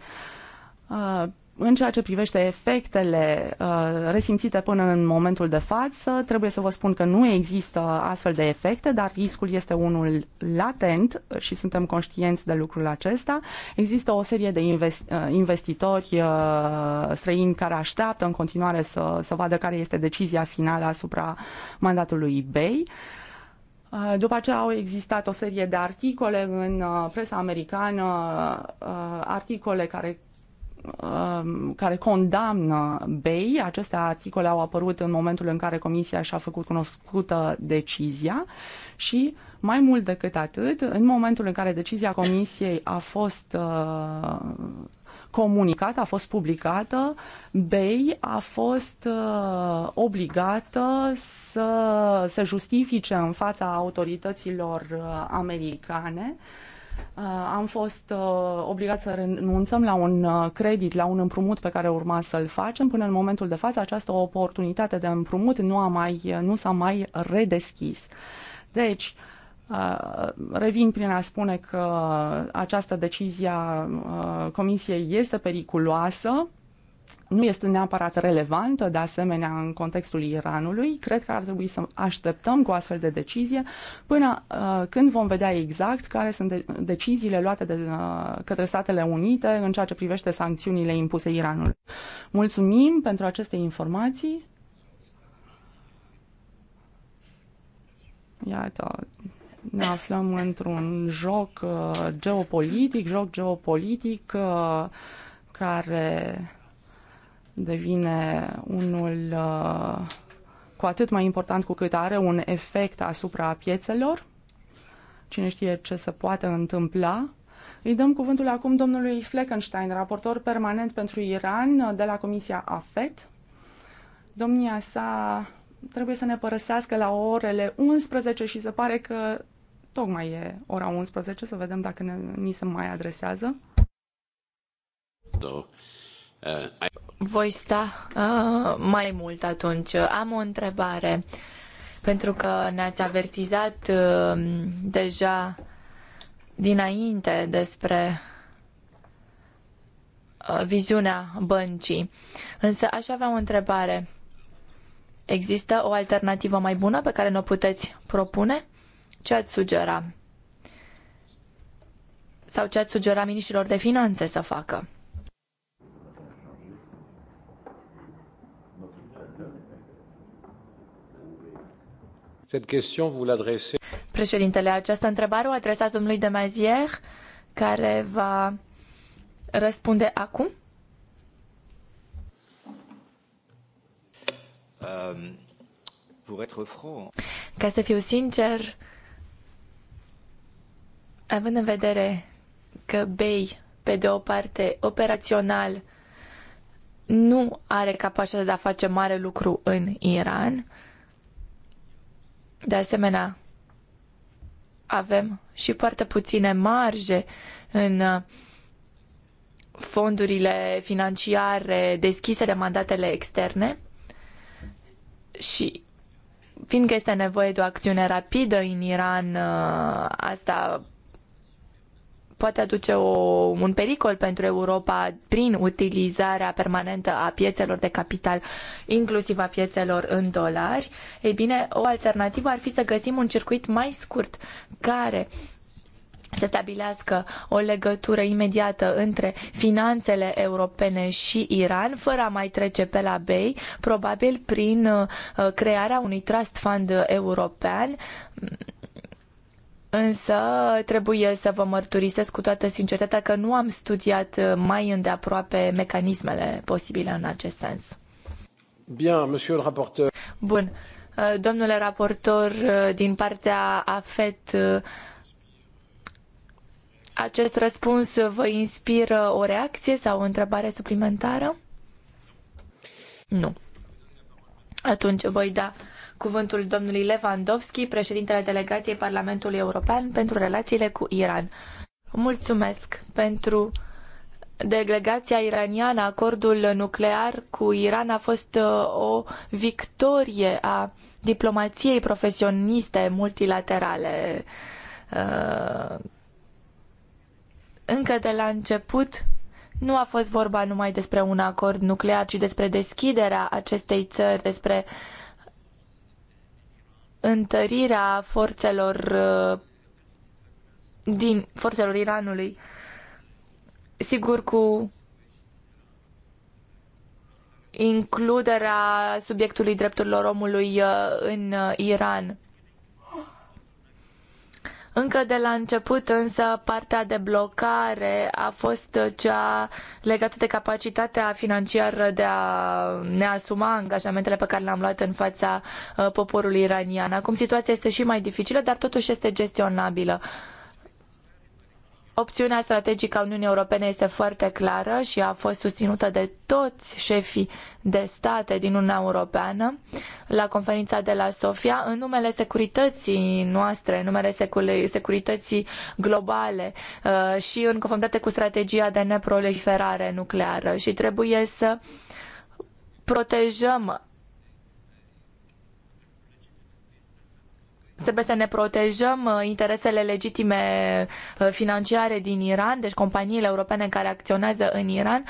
Uh, în ceea ce privește efectele uh, resimțite până în momentul de față, trebuie să vă spun că nu există astfel de efecte, dar riscul este unul latent și suntem conștienți de lucrul acesta. Există o serie de invest- uh, investitori uh, străini care așteaptă în continuare să, să vadă care este decizia finală asupra mandatului eBay. Uh, după aceea au existat o serie de articole în uh, presa americană, articole care Um, care condamnă BEI. Aceste articole au apărut în momentul în care Comisia și-a făcut cunoscută decizia și, mai mult decât atât, în momentul în care decizia Comisiei a fost uh, comunicată, a fost publicată, BEI a fost uh, obligată să se justifice în fața autorităților uh, americane uh, Uh, am fost uh, obligați să renunțăm la un uh, credit, la un împrumut pe care urma să-l facem. Până în momentul de față, această oportunitate de împrumut nu, a mai, nu s-a mai redeschis. Deci, revin prin a spune că această decizie a Comisiei este periculoasă, nu este neapărat relevantă, de asemenea, în contextul Iranului. Cred că ar trebui să așteptăm cu astfel de decizie până uh, când vom vedea exact care sunt de- deciziile luate de uh, către Statele Unite în ceea ce privește sancțiunile impuse Iranului. Mulțumim pentru aceste informații. Iată, ne aflăm într-un joc uh, geopolitic, joc geopolitic uh, care devine unul uh, cu atât mai important cu cât are un efect asupra piețelor. Cine știe ce se poate întâmpla. Îi dăm cuvântul acum domnului Fleckenstein, raportor permanent pentru Iran de la Comisia AFET. Domnia sa trebuie să ne părăsească la orele 11 și se pare că tocmai e ora 11, să vedem dacă ne, ni se mai adresează. Da. Voi sta uh, mai mult atunci. Am o întrebare. Pentru că ne-ați avertizat uh, deja dinainte despre uh, viziunea băncii. Însă aș avea o întrebare. Există o alternativă mai bună pe care ne-o puteți propune? Ce ați sugera? Sau ce ați sugera miniștrilor de finanțe să facă? Președintele, această întrebare o adresați domnului de Mazier, care va răspunde acum. Ehm, Ca să fiu sincer, având în vedere că BEI, pe de o parte, operațional, nu are capacitatea de a face mare lucru în Iran, de asemenea, avem și foarte puține marje în uh, fondurile financiare deschise de mandatele externe și fiindcă este nevoie de o acțiune rapidă în Iran, uh, asta poate aduce o, un pericol pentru Europa prin utilizarea permanentă a piețelor de capital, inclusiv a piețelor în dolari, ei bine, o alternativă ar fi să găsim un circuit mai scurt care să stabilească o legătură imediată între finanțele europene și Iran, fără a mai trece pe la BEI, probabil prin uh, crearea unui trust fund european Însă trebuie să vă mărturisesc cu toată sinceritatea că nu am studiat uh, mai îndeaproape mecanismele posibile în acest sens. Bien, monsieur le rapporteur. Bun. Uh, domnule raportor, uh, din partea AFET, acest răspuns vă inspiră o reacție sau o întrebare suplimentară? Nu. Atunci voi da cuvântul domnului Lewandowski, președintele delegației Parlamentului European pentru relațiile cu Iran. Mulțumesc pentru delegația iraniană. Acordul nuclear cu Iran a fost uh, o victorie a diplomației profesioniste multilaterale. Uh, încă de la început, nu a fost vorba numai despre un acord nuclear, ci despre deschiderea acestei țări, despre uh, întărirea forțelor uh, din forțelor Iranului. Sigur cu includerea subiectului drepturilor omului uh, în uh, Iran. Încă de la început, însă, partea de blocare a fost cea legată de capacitatea financiară de a ne asuma angajamentele pe care le-am luat în fața uh, poporului iranian. Acum situația este și mai dificilă, dar totuși este gestionabilă. Opțiunea strategică a Uniunii Europene este foarte clară și a fost susținută de toți șefii de state din Uniunea Europeană la conferința de la Sofia în numele securității noastre, în numele securității globale uh, și în conformitate cu strategia de neproliferare nucleară și trebuie să protejăm Trebuie să ne protejăm uh, interesele legitime uh, financiare din Iran, deci companiile europene care acționează în Iran.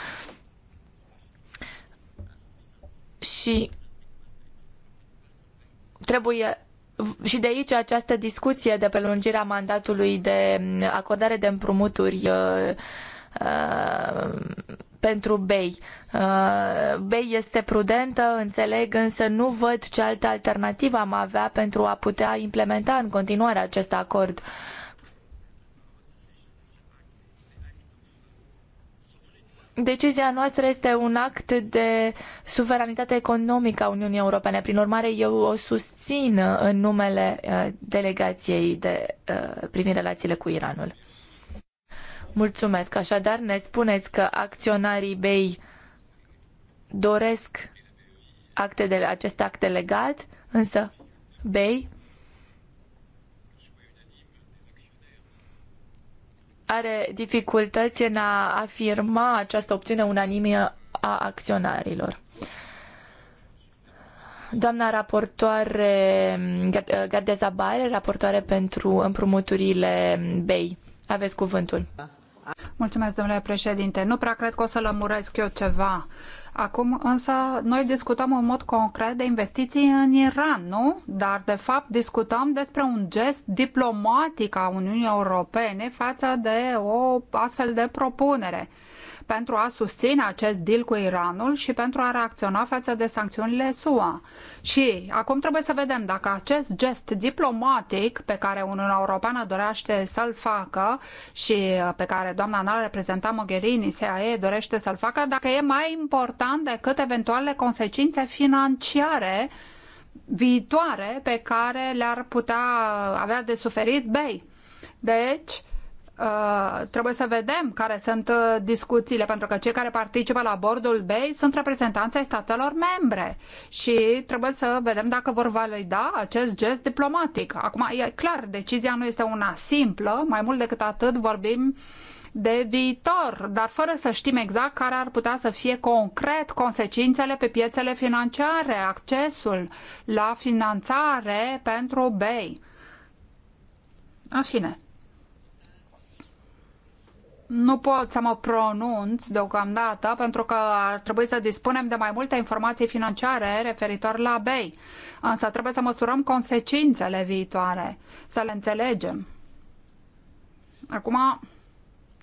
Și trebuie și de aici această discuție de prelungirea mandatului de mm, acordare de împrumuturi uh, uh, pentru BEI. Uh, BEI este prudentă, înțeleg, însă nu văd ce altă alternativă am avea pentru a putea implementa în continuare acest acord. Decizia noastră este un act de suveranitate economică a Uniunii Europene. Prin urmare, eu o susțin în numele uh, delegației de, uh, privind relațiile cu Iranul. Mulțumesc. Așadar, ne spuneți că acționarii BEI doresc acte de, acest act delegat, însă BEI are dificultăți în a afirma această opțiune unanimă a acționarilor. Doamna raportoare Gardeza raportoare pentru împrumuturile BEI. Aveți cuvântul. Da. Mulțumesc, domnule președinte. Nu prea cred că o să lămuresc eu ceva. Acum însă noi discutăm în mod concret de investiții în Iran, nu? Dar de fapt discutăm despre un gest diplomatic a Uniunii Europene față de o astfel de propunere pentru a susține acest deal cu Iranul și pentru a reacționa față de sancțiunile SUA. Și acum trebuie să vedem dacă acest gest diplomatic pe care Uniunea Europeană dorește să-l facă și pe care doamna înalt reprezentant Mogherini, SAE, dorește să-l facă, dacă e mai important decât eventuale consecințe financiare viitoare pe care le-ar putea avea de suferit bei. Deci, Uh, trebuie să vedem care sunt uh, discuțiile, pentru că cei care participă la bordul BEI sunt reprezentanții statelor membre și trebuie să vedem dacă vor valida acest gest diplomatic. Acum, e clar, decizia nu este una simplă, mai mult decât atât vorbim de viitor, dar fără să știm exact care ar putea să fie concret consecințele pe piețele financiare, accesul la finanțare pentru BEI. În fine nu pot să mă pronunț deocamdată pentru că ar trebui să dispunem de mai multe informații financiare referitor la BEI. Însă trebuie să măsurăm consecințele viitoare, să le înțelegem. Acum,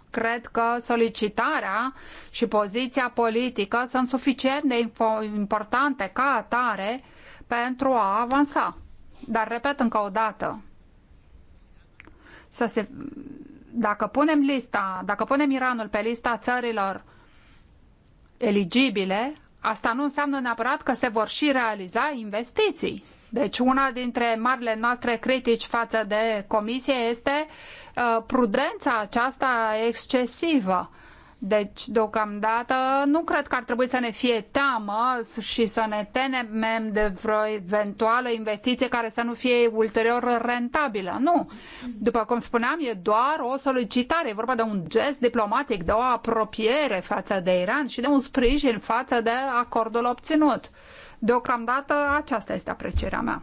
cred că solicitarea și poziția politică sunt suficient de importante ca atare pentru a avansa. Dar repet încă o dată, să se dacă punem lista, dacă punem Iranul pe lista țărilor eligibile, asta nu înseamnă neapărat că se vor și realiza investiții. Deci una dintre marile noastre critici față de comisie este uh, prudența aceasta excesivă. Uh, deci, deocamdată, nu cred că ar trebui să ne fie teamă și să ne temem de vreo eventuală investiție care să nu fie ulterior rentabilă. Nu. După cum spuneam, e doar o solicitare. E vorba de un gest diplomatic, de o apropiere față de Iran și de un sprijin față de acordul obținut. Deocamdată, aceasta este aprecierea mea.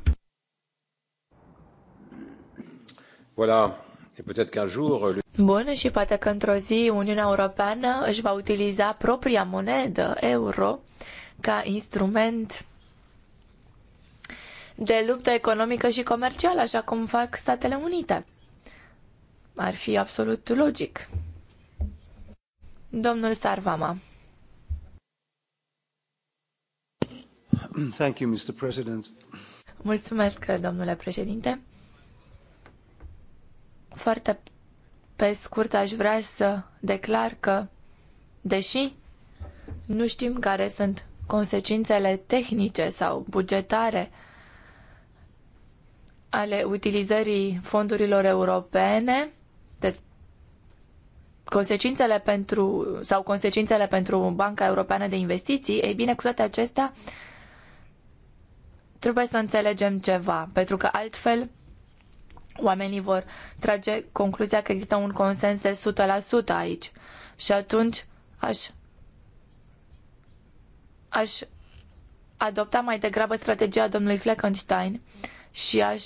Voilà. Bun, și poate că într-o zi Uniunea Europeană își va utiliza propria monedă, euro, ca instrument de luptă economică și comercială, așa cum fac Statele Unite. Ar fi absolut logic. Domnul Sarvama. Thank you, Mr. President. Mulțumesc, domnule președinte. Foarte pe scurt aș vrea să declar că, deși nu știm care sunt consecințele tehnice sau bugetare ale utilizării fondurilor europene, consecințele pentru sau consecințele pentru Banca Europeană de Investiții, ei bine, cu toate acestea trebuie să înțelegem ceva, pentru că altfel oamenii vor trage concluzia că există un consens de 100% aici. Și atunci aș, aș adopta mai degrabă strategia domnului Fleckenstein și aș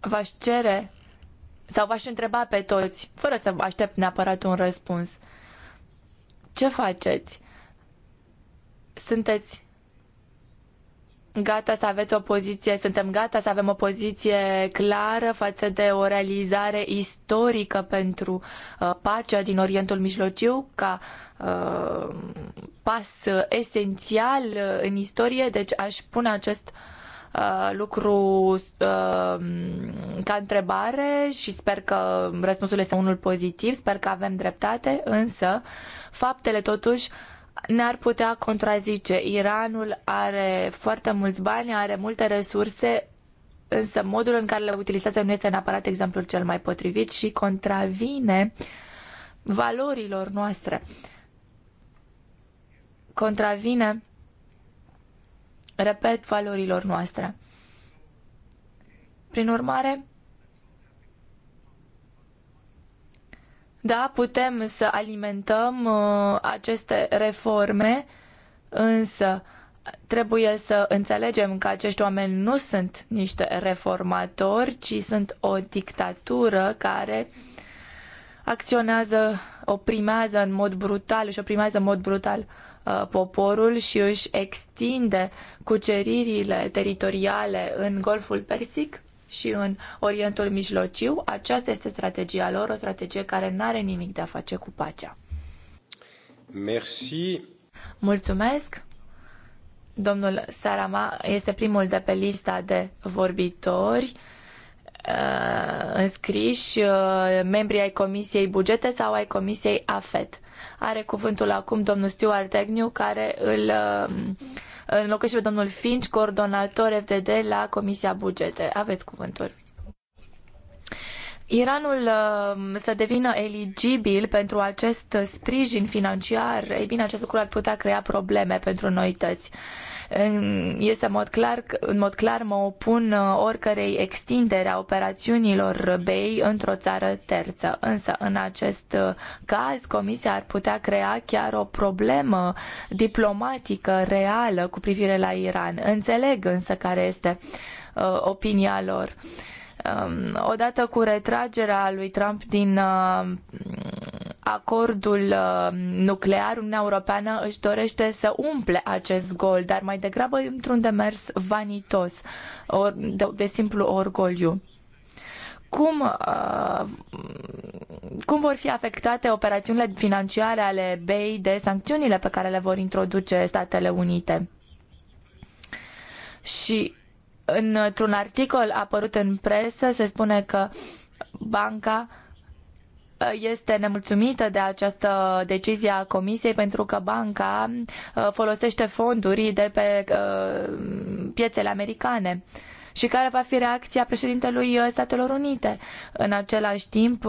v-aș cere sau v-aș întreba pe toți, fără să aștept neapărat un răspuns. Ce faceți? Sunteți gata să aveți o poziție, suntem gata să avem o poziție clară față de o realizare istorică pentru uh, pacea din Orientul Mijlociu ca uh, pas esențial în istorie, deci aș pune acest uh, lucru uh, ca întrebare și sper că răspunsul este unul pozitiv, sper că avem dreptate, însă faptele totuși uh, ne-ar putea contrazice. Iranul are foarte mulți bani, are multe resurse, însă modul în care le utilizează nu este neapărat exemplul cel mai potrivit și contravine valorilor noastre. Contravine, repet, valorilor noastre. Prin urmare, Da, putem să alimentăm uh, aceste reforme, însă trebuie să înțelegem că acești oameni nu sunt niște reformatori, ci sunt o dictatură care acționează, oprimează în mod brutal, și oprimează în mod brutal uh, poporul și își extinde cuceririle teritoriale în Golful Persic și în Orientul Mijlociu. Aceasta este strategia lor, o strategie care nu are nimic de a face cu pacea. Merci. Mulțumesc. Domnul Sarama este primul de pe lista de vorbitori uh, înscriși uh, membrii ai Comisiei Bugete sau ai Comisiei AFET. Are cuvântul acum domnul Stuart Agnew, care îl um, înlocuiește pe domnul Finch, coordonator FDD la Comisia Bugete. Aveți cuvântul. Iranul um, să devină eligibil pentru acest sprijin financiar, ei bine, acest lucru ar putea crea probleme pentru noi toți este în mod clar, în mod clar mă opun uh, oricărei extindere a operațiunilor BEI într-o țară terță. Însă, în acest uh, caz, Comisia ar putea crea chiar o problemă diplomatică reală cu privire la Iran. Înțeleg însă care este uh, opinia lor. Um, odată cu retragerea lui Trump din uh, acordul uh, nuclear, Uniunea Europeană își dorește să umple acest gol, dar mai degrabă într-un demers vanitos, or, de, de simplu orgoliu cum, uh, cum vor fi afectate operațiunile financiare ale BEI de sancțiunile pe care le vor introduce Statele Unite. Și într-un articol apărut în presă se spune că banca uh, este nemulțumită de această decizie a Comisiei pentru că banca uh, folosește fonduri de pe uh, piețele americane și care va fi reacția președintelui uh, Statelor Unite. În același timp,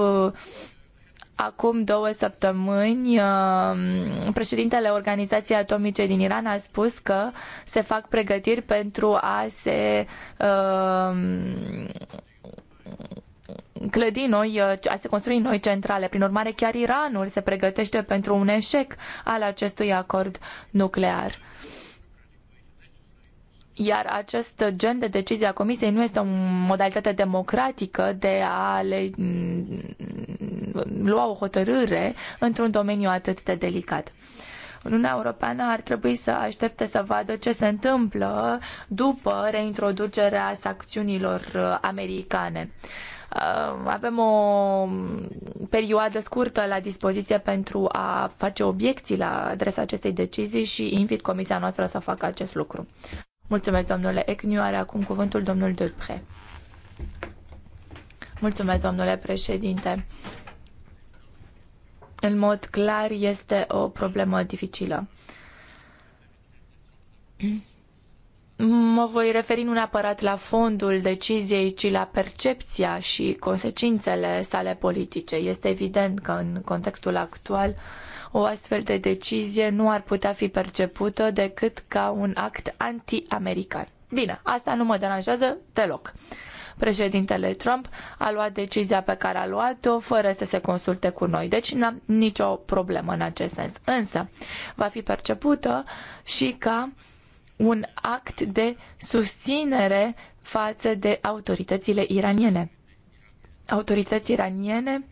acum două săptămâni, președintele Organizației Atomice din Iran a spus că se fac pregătiri pentru a se clădi noi, uh, a se construi noi centrale. Prin urmare, chiar Iranul se pregătește pentru un eșec al acestui acord nuclear. Iar acest gen de decizie a Comisiei nu este o modalitate democratică de a le mm, lua o hotărâre într-un domeniu atât de delicat. Uniunea Europeană ar trebui să aștepte să vadă ce se întâmplă după reintroducerea sancțiunilor uh, americane. Um, avem o perioadă scurtă la dispoziție pentru a face obiecții la adresa acestei decizii și invit comisia noastră să facă acest lucru. Mulțumesc, domnule Ecniu. Are acum cuvântul domnul Dupre. Mulțumesc, domnule președinte. În mod clar, este o problemă dificilă. Mă voi referi nu neapărat la fondul deciziei, ci la percepția și consecințele sale politice. Este evident că în contextul actual o astfel de decizie nu ar putea fi percepută decât ca un act anti-american. Bine, asta nu mă deranjează deloc. Președintele Trump a luat decizia pe care a luat-o fără să se consulte cu noi, deci n-am nicio problemă în acest sens. Însă, va fi percepută și ca un act de susținere față de autoritățile iraniene. Autorități iraniene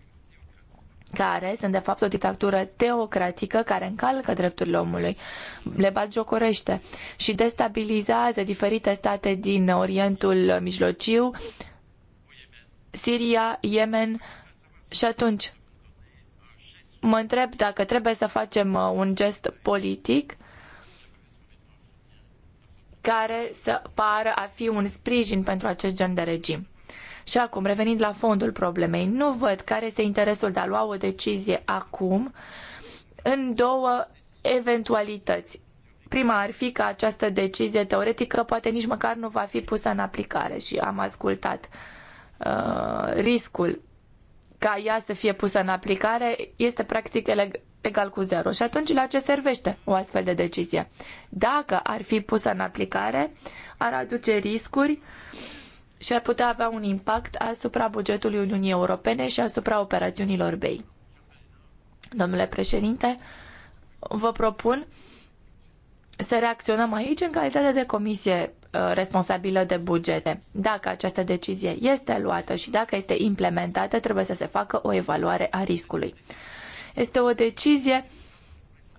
care sunt de fapt o dictatură teocratică care încalcă drepturile omului, le jocorește și destabilizează diferite state din Orientul Mijlociu, Siria, Yemen și atunci mă întreb dacă trebuie să facem uh, un gest politic care să pară a fi un sprijin pentru acest gen de regim. Și acum, revenind la fondul problemei, nu văd care este interesul de a lua o decizie acum în două eventualități. Prima ar fi că această decizie teoretică poate nici măcar nu va fi pusă în aplicare și am ascultat uh, riscul ca ea să fie pusă în aplicare este practic egal cu zero. Și atunci la ce servește o astfel de decizie? Dacă ar fi pusă în aplicare, ar aduce riscuri și ar putea avea un impact asupra bugetului Uniunii Europene și asupra operațiunilor BEI. Domnule președinte, vă propun să reacționăm aici în calitate de comisie uh, responsabilă de bugete. Dacă această decizie este luată și dacă este implementată, trebuie să se facă o evaluare a riscului. Este o decizie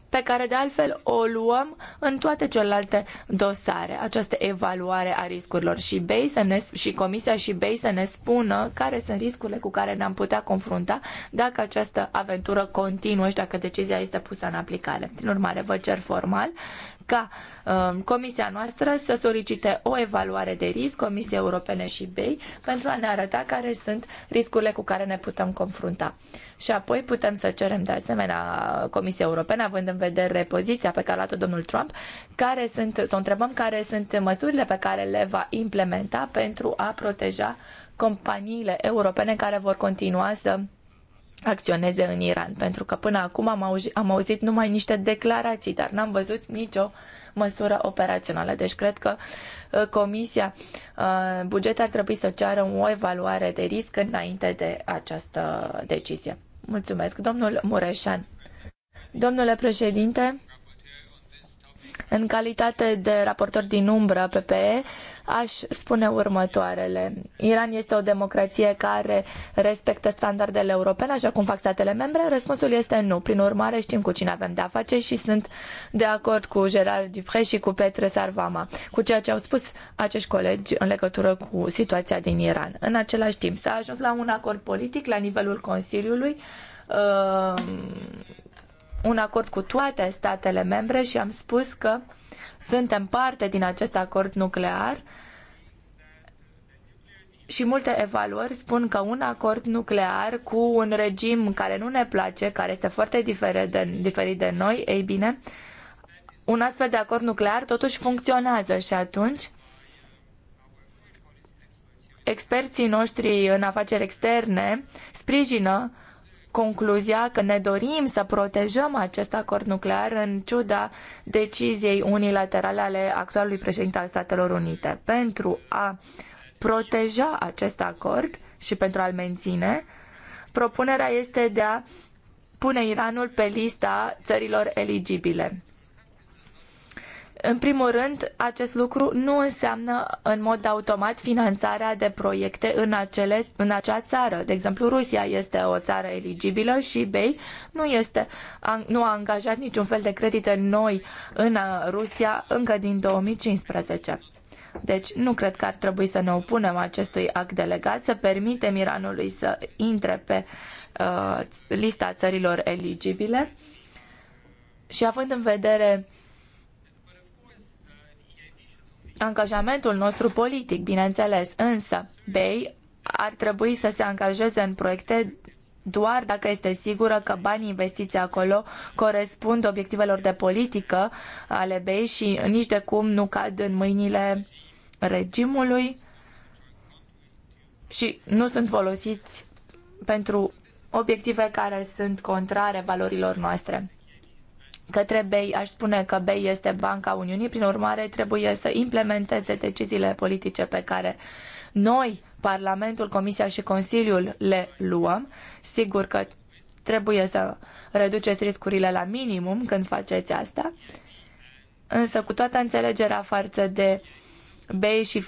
pe care de altfel o luăm în toate celelalte dosare, această evaluare a riscurilor și BEI să ne, și Comisia și BEI să ne spună care sunt riscurile cu care ne-am putea confrunta dacă această aventură continuă și dacă decizia este pusă în aplicare. Prin urmare, vă cer formal ca uh, comisia noastră să solicite o evaluare de risc Comisiei Europene și BEI pentru a ne arăta care sunt riscurile cu care ne putem confrunta. Și apoi putem să cerem de asemenea Comisiei Europene, având în vedere poziția pe care a luat-o domnul Trump, care sunt, să o întrebăm care sunt măsurile pe care le va implementa pentru a proteja companiile europene care vor continua să acționeze în Iran, pentru că până acum am auzit, am auzit numai niște declarații, dar n-am văzut nicio măsură operațională. Deci cred că uh, Comisia uh, Buget ar trebui să ceară o evaluare de risc înainte de această decizie. Mulțumesc, domnul Mureșan. Domnule președinte, în calitate de raportor din umbră PPE, aș spune următoarele. Iran este o democrație care respectă standardele europene, așa cum fac statele membre? Răspunsul este nu. Prin urmare, știm cu cine avem de-a face și sunt de acord cu Gerard Dupre și cu Petre Sarvama, cu ceea ce au spus acești colegi în legătură cu situația din Iran. În același timp, s-a ajuns la un acord politic la nivelul Consiliului, uh, un acord cu toate statele membre și am spus că suntem parte din acest acord nuclear și multe evaluări spun că un acord nuclear cu un regim care nu ne place, care este foarte diferit de, diferit de noi, ei bine, un astfel de acord nuclear totuși funcționează și atunci experții noștri în afaceri externe sprijină concluzia că ne dorim să protejăm acest acord nuclear în ciuda deciziei unilaterale ale actualului președinte al Statelor Unite. Pentru a proteja acest acord și pentru a-l menține, propunerea este de a pune Iranul pe lista țărilor eligibile. În primul rând, acest lucru nu înseamnă în mod automat finanțarea de proiecte în, acele, în acea țară. De exemplu, Rusia este o țară eligibilă și BEI nu, este, nu a angajat niciun fel de credite noi în uh, Rusia încă din 2015. Deci nu cred că ar trebui să ne opunem acestui act delegat, să permitem Iranului să intre pe uh, lista țărilor eligibile și având în vedere uh, angajamentul nostru politic, bineînțeles, însă BEI ar trebui să se angajeze în proiecte doar dacă este sigură că banii investiți acolo corespund obiectivelor de politică ale BEI și nici de cum nu cad în mâinile regimului și nu sunt folosiți pentru obiective care sunt contrare valorilor noastre către BEI, aș spune că BEI este Banca Uniunii, prin urmare trebuie să implementeze deciziile politice pe care noi, Parlamentul, Comisia și Consiliul le luăm. Sigur că trebuie să reduceți riscurile la minimum când faceți asta, însă cu toată înțelegerea față de BEI și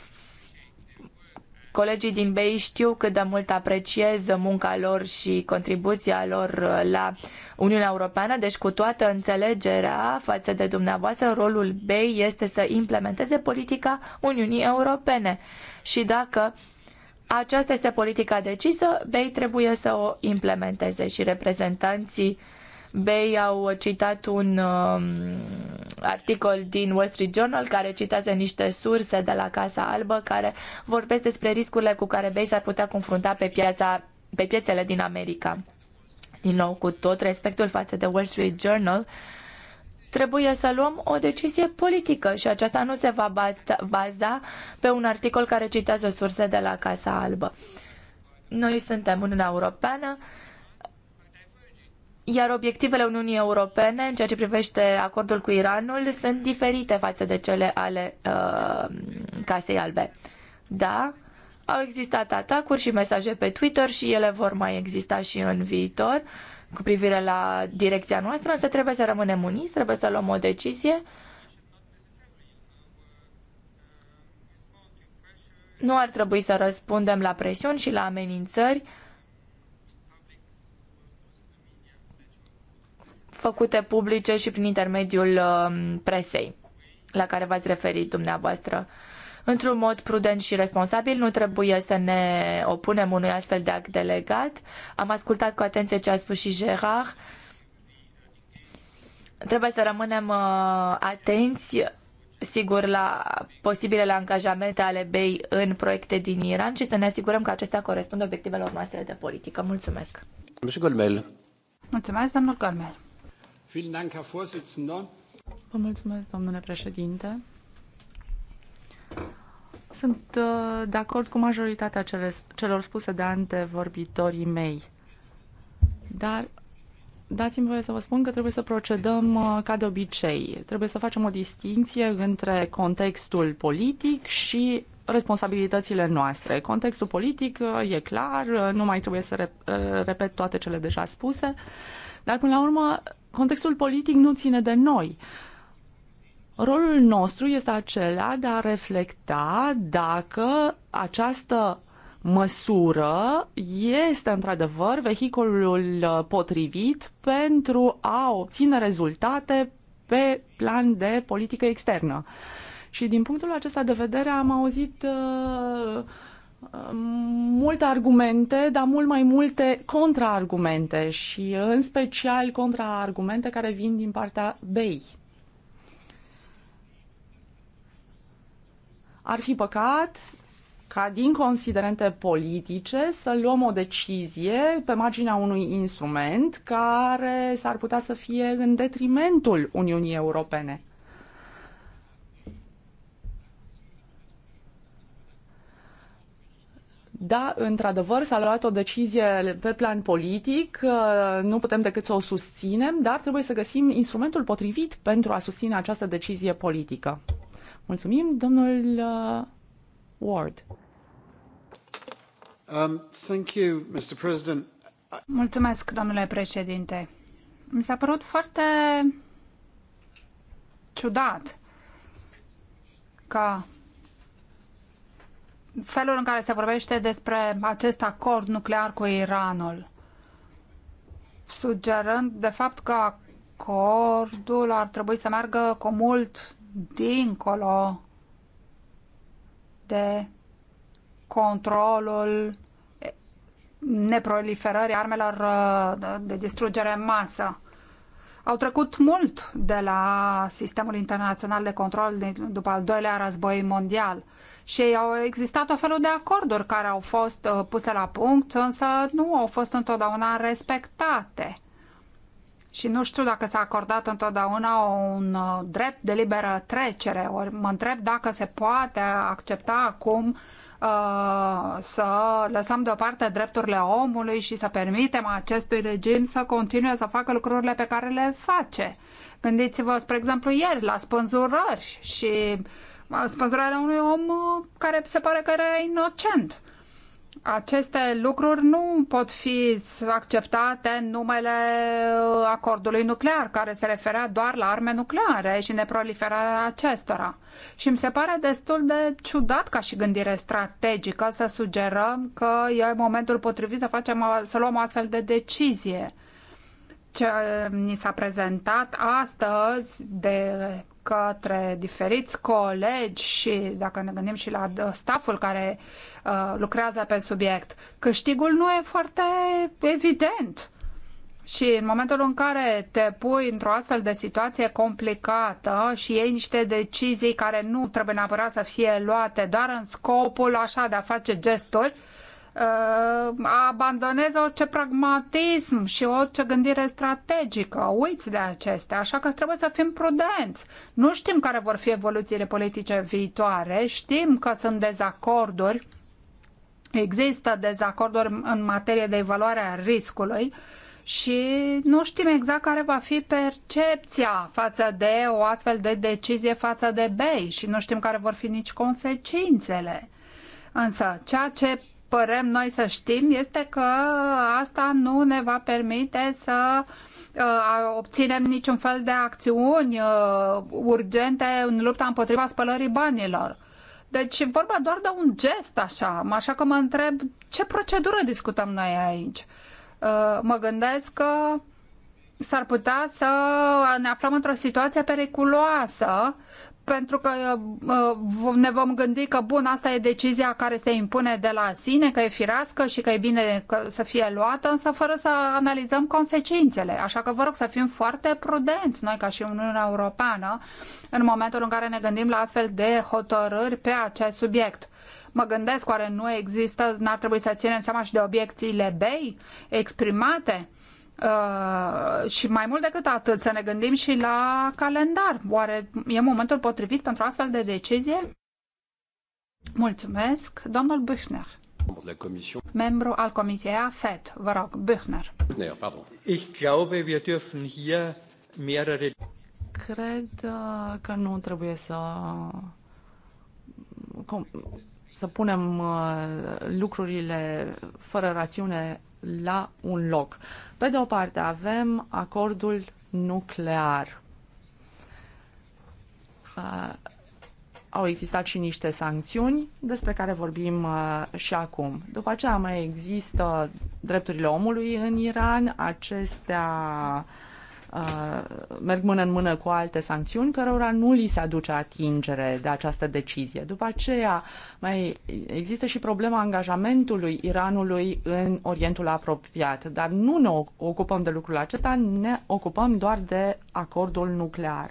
Colegii din BEI știu cât de mult apreciez munca lor și contribuția lor uh, la Uniunea Europeană, deci cu toată înțelegerea față de dumneavoastră, rolul BEI este să implementeze politica Uniunii Europene. Și dacă aceasta este politica decisă, BEI trebuie să o implementeze și reprezentanții Bay au citat un um, articol din Wall Street Journal care citează niște surse de la Casa Albă care vorbesc despre riscurile cu care Bay s-ar putea confrunta pe, piața, pe piețele din America. Din nou, cu tot respectul față de Wall Street Journal, trebuie să luăm o decizie politică și aceasta nu se va baza pe un articol care citează surse de la Casa Albă. Noi suntem Uniunea Europeană, iar obiectivele Uniunii Europene în ceea ce privește acordul cu Iranul sunt diferite față de cele ale uh, Casei Albe. Da, au existat atacuri și mesaje pe Twitter și ele vor mai exista și în viitor cu privire la direcția noastră, însă trebuie să rămânem uniți, trebuie să luăm o decizie. Nu ar trebui să răspundem la presiuni și la amenințări făcute publice și prin intermediul um, presei la care v-ați referit dumneavoastră. Într-un mod prudent și responsabil, nu trebuie să ne opunem unui astfel de act delegat. Am ascultat cu atenție ce a spus și Gerard. Trebuie să rămânem uh, atenți sigur, la posibilele angajamente ale BEI în proiecte din Iran și să ne asigurăm că acestea corespund obiectivelor noastre de politică. Mulțumesc! Mulțumesc, domnul Golmel! Vă mulțumesc, domnule președinte. Sunt uh, de acord cu majoritatea cele, celor spuse de antevorbitorii mei, dar dați-mi voie să vă spun că trebuie să procedăm uh, ca de obicei. Trebuie să facem o distinție între contextul politic și responsabilitățile noastre. Contextul politic uh, e clar, nu mai trebuie să repet toate cele deja spuse, dar până la urmă contextul politic nu ține de noi. Rolul nostru este acela de a reflecta dacă această măsură este într-adevăr vehiculul uh, potrivit pentru a obține rezultate pe plan de politică externă. Și din punctul acesta de vedere am auzit uh, Uh, multe argumente, dar mult mai multe contraargumente și uh, în special contraargumente care vin din partea BEI. Ar fi păcat ca din considerente politice să luăm o decizie pe marginea unui instrument care s-ar putea să fie în detrimentul Uniunii Europene. Da, într-adevăr, s-a luat o decizie pe plan politic, uh, nu putem decât să o susținem, dar trebuie să găsim instrumentul potrivit pentru a susține această decizie politică. Mulțumim, domnul uh, Ward. Um, thank you, Mr. President. Mulțumesc, domnule președinte. Mi s-a părut foarte ciudat ca felul în care se vorbește despre acest acord nuclear cu Iranul, sugerând de fapt că acordul ar trebui să meargă cu mult dincolo de controlul neproliferării armelor uh, de distrugere în masă. Au trecut mult de la sistemul internațional de control după al doilea război mondial și au existat o felul de acorduri care au fost uh, puse la punct, însă nu au fost întotdeauna respectate. Și nu știu dacă s-a acordat întotdeauna un uh, drept de liberă trecere, ori mă întreb dacă se poate accepta acum uh, să lăsăm deoparte drepturile omului și să permitem acestui regim să continue să facă lucrurile pe care le face. Gândiți-vă, spre exemplu, ieri la spânzurări și uh, spânzurarea unui om uh, care se pare că era inocent. Aceste lucruri nu pot fi acceptate în numele uh, acordului nuclear, care se referea doar la arme nucleare și neproliferarea acestora. Și mi se pare destul de ciudat ca și gândire strategică să sugerăm că e momentul potrivit să, facem, uh, să luăm o astfel de decizie ce ni s-a prezentat astăzi de către diferiți colegi și dacă ne gândim și la staful care uh, lucrează pe subiect, câștigul nu e foarte evident. Și în momentul în care te pui într-o astfel de situație complicată și iei niște decizii care nu trebuie neapărat să fie luate doar în scopul așa de a face gesturi, uh, Uh, abandonezi orice pragmatism și orice gândire strategică. Uiți de acestea, așa că trebuie să fim prudenți. Nu știm care vor fi evoluțiile politice viitoare, știm că sunt dezacorduri, există dezacorduri în materie de evaluare a riscului, și nu știm exact care va fi percepția față de o astfel de decizie față de bei și nu știm care vor fi nici consecințele. Însă, ceea ce părem noi să știm este că asta nu ne va permite să uh, obținem niciun fel de acțiuni uh, urgente în lupta împotriva spălării banilor. Deci e vorba doar de un gest așa, așa că mă întreb ce procedură discutăm noi aici. Uh, mă gândesc că s-ar putea să ne aflăm într-o situație periculoasă pentru că uh, ne vom gândi că, bun, asta e decizia care se impune de la sine, că e firească și că e bine să fie luată, însă fără să analizăm consecințele. Așa că vă rog să fim foarte prudenți noi ca și Uniunea Europeană în momentul în care ne gândim la astfel de hotărâri pe acest subiect. Mă gândesc, oare nu există, n-ar trebui să ținem seama și de obiecțiile bei exprimate? Uh, și mai mult decât atât, să ne gândim și la calendar. Oare e momentul potrivit pentru astfel de decizie? Mulțumesc. Domnul Büchner. Membru al Comisiei AFET, vă rog, Büchner. Ich glaube, wir dürfen hier mehrere... Cred uh, că nu trebuie să să punem uh, lucrurile fără rațiune la un loc. Pe de o parte avem acordul nuclear. Uh, au existat și niște sancțiuni despre care vorbim uh, și acum. După aceea mai există drepturile omului în Iran. Acestea uh, Uh, merg mână în mână cu alte sancțiuni cărora nu li se aduce atingere de această decizie. După aceea mai există și problema angajamentului Iranului în Orientul apropiat, dar nu ne ocupăm de lucrul acesta, ne ocupăm doar de acordul nuclear.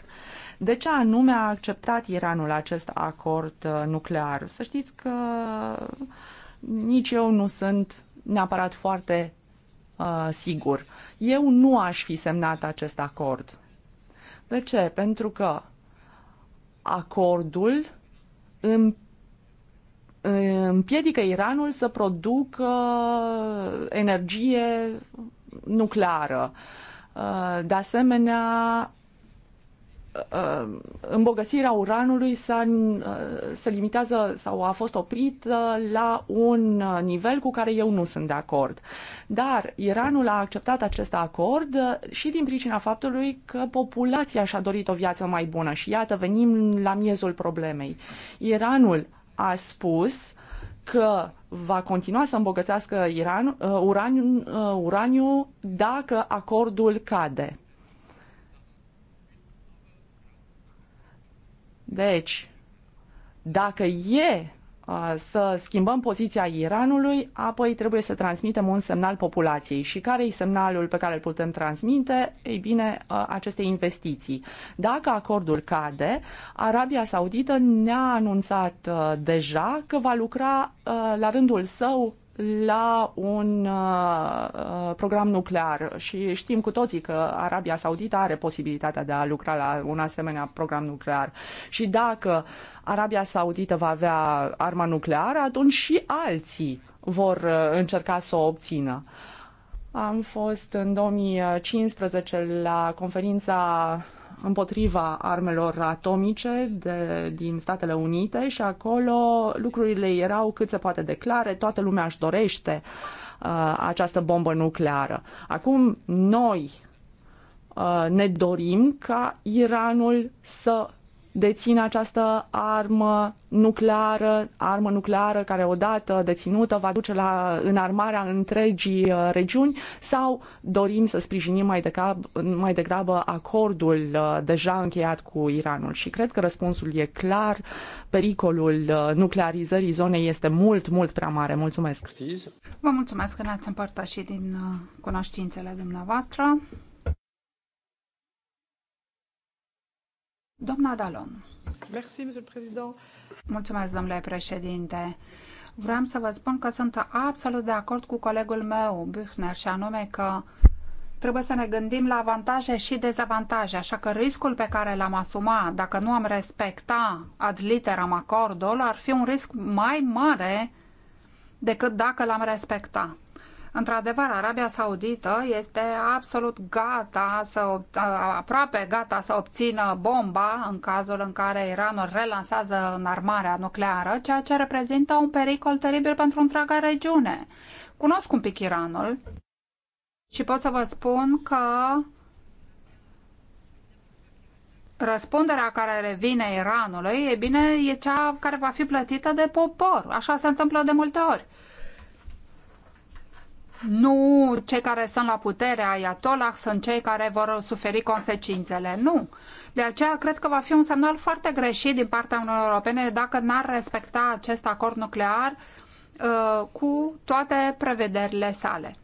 De ce anume a acceptat Iranul acest acord uh, nuclear? Să știți că nici eu nu sunt neapărat foarte Uh, sigur. Eu nu aș fi semnat acest acord. De ce? Pentru că acordul împiedică Iranul să producă energie nucleară. Uh, de asemenea, Uh, îmbogățirea uranului să uh, se limitează sau a fost oprită la un uh, nivel cu care eu nu sunt de acord. Dar Iranul a acceptat acest acord și din pricina faptului că populația și-a dorit o viață mai bună și iată, venim la miezul problemei. Iranul a spus că va continua să îmbogățească Iran, uran, uraniu dacă acordul cade. Deci, dacă e uh, să schimbăm poziția Iranului, apoi trebuie să transmitem un semnal populației. Și care e semnalul pe care îl putem transmite? Ei bine, uh, aceste investiții. Dacă acordul cade, Arabia Saudită ne-a anunțat uh, deja că va lucra la rândul său la un uh, uh, program nuclear și știm cu toții că Arabia Saudită are posibilitatea de a lucra la un asemenea program nuclear. Și dacă Arabia Saudită va avea arma nucleară, atunci și alții vor uh, încerca să o obțină. Am fost în 2015 la conferința împotriva armelor atomice de, din Statele Unite și acolo lucrurile erau cât se poate declare, toată lumea își dorește uh, această bombă nucleară. Acum noi uh, ne dorim ca Iranul să dețin această armă nucleară, armă nucleară care odată deținută va duce la înarmarea întregii uh, regiuni sau dorim să sprijinim mai degrabă, mai degrabă acordul uh, deja încheiat cu Iranul și cred că răspunsul e clar, pericolul uh, nuclearizării zonei este mult, mult prea mare. Mulțumesc! Vă mulțumesc că ne-ați împărtășit din cunoștințele dumneavoastră. Doamna Dalon. Mulțumesc, domnule președinte. Vreau să vă spun că sunt absolut de acord cu colegul meu, Büchner, și anume că trebuie să ne gândim la avantaje și dezavantaje, așa că riscul pe care l-am asumat, dacă nu am respecta ad literam acordul, ar fi un risc mai mare decât dacă l-am respectat. Într-adevăr, Arabia Saudită este absolut gata, să, aproape gata să obțină bomba în cazul în care Iranul relansează înarmarea nucleară, ceea ce reprezintă un pericol teribil pentru întreaga regiune. Cunosc un pic Iranul și pot să vă spun că răspunderea care revine Iranului, e bine, e cea care va fi plătită de popor. Așa se întâmplă de multe ori nu cei care sunt la putere, Ayatollah, sunt cei care vor suferi consecințele. Nu. De aceea cred că va fi un semnal foarte greșit din partea Uniunii Europene dacă n-ar respecta acest acord nuclear uh, cu toate prevederile sale.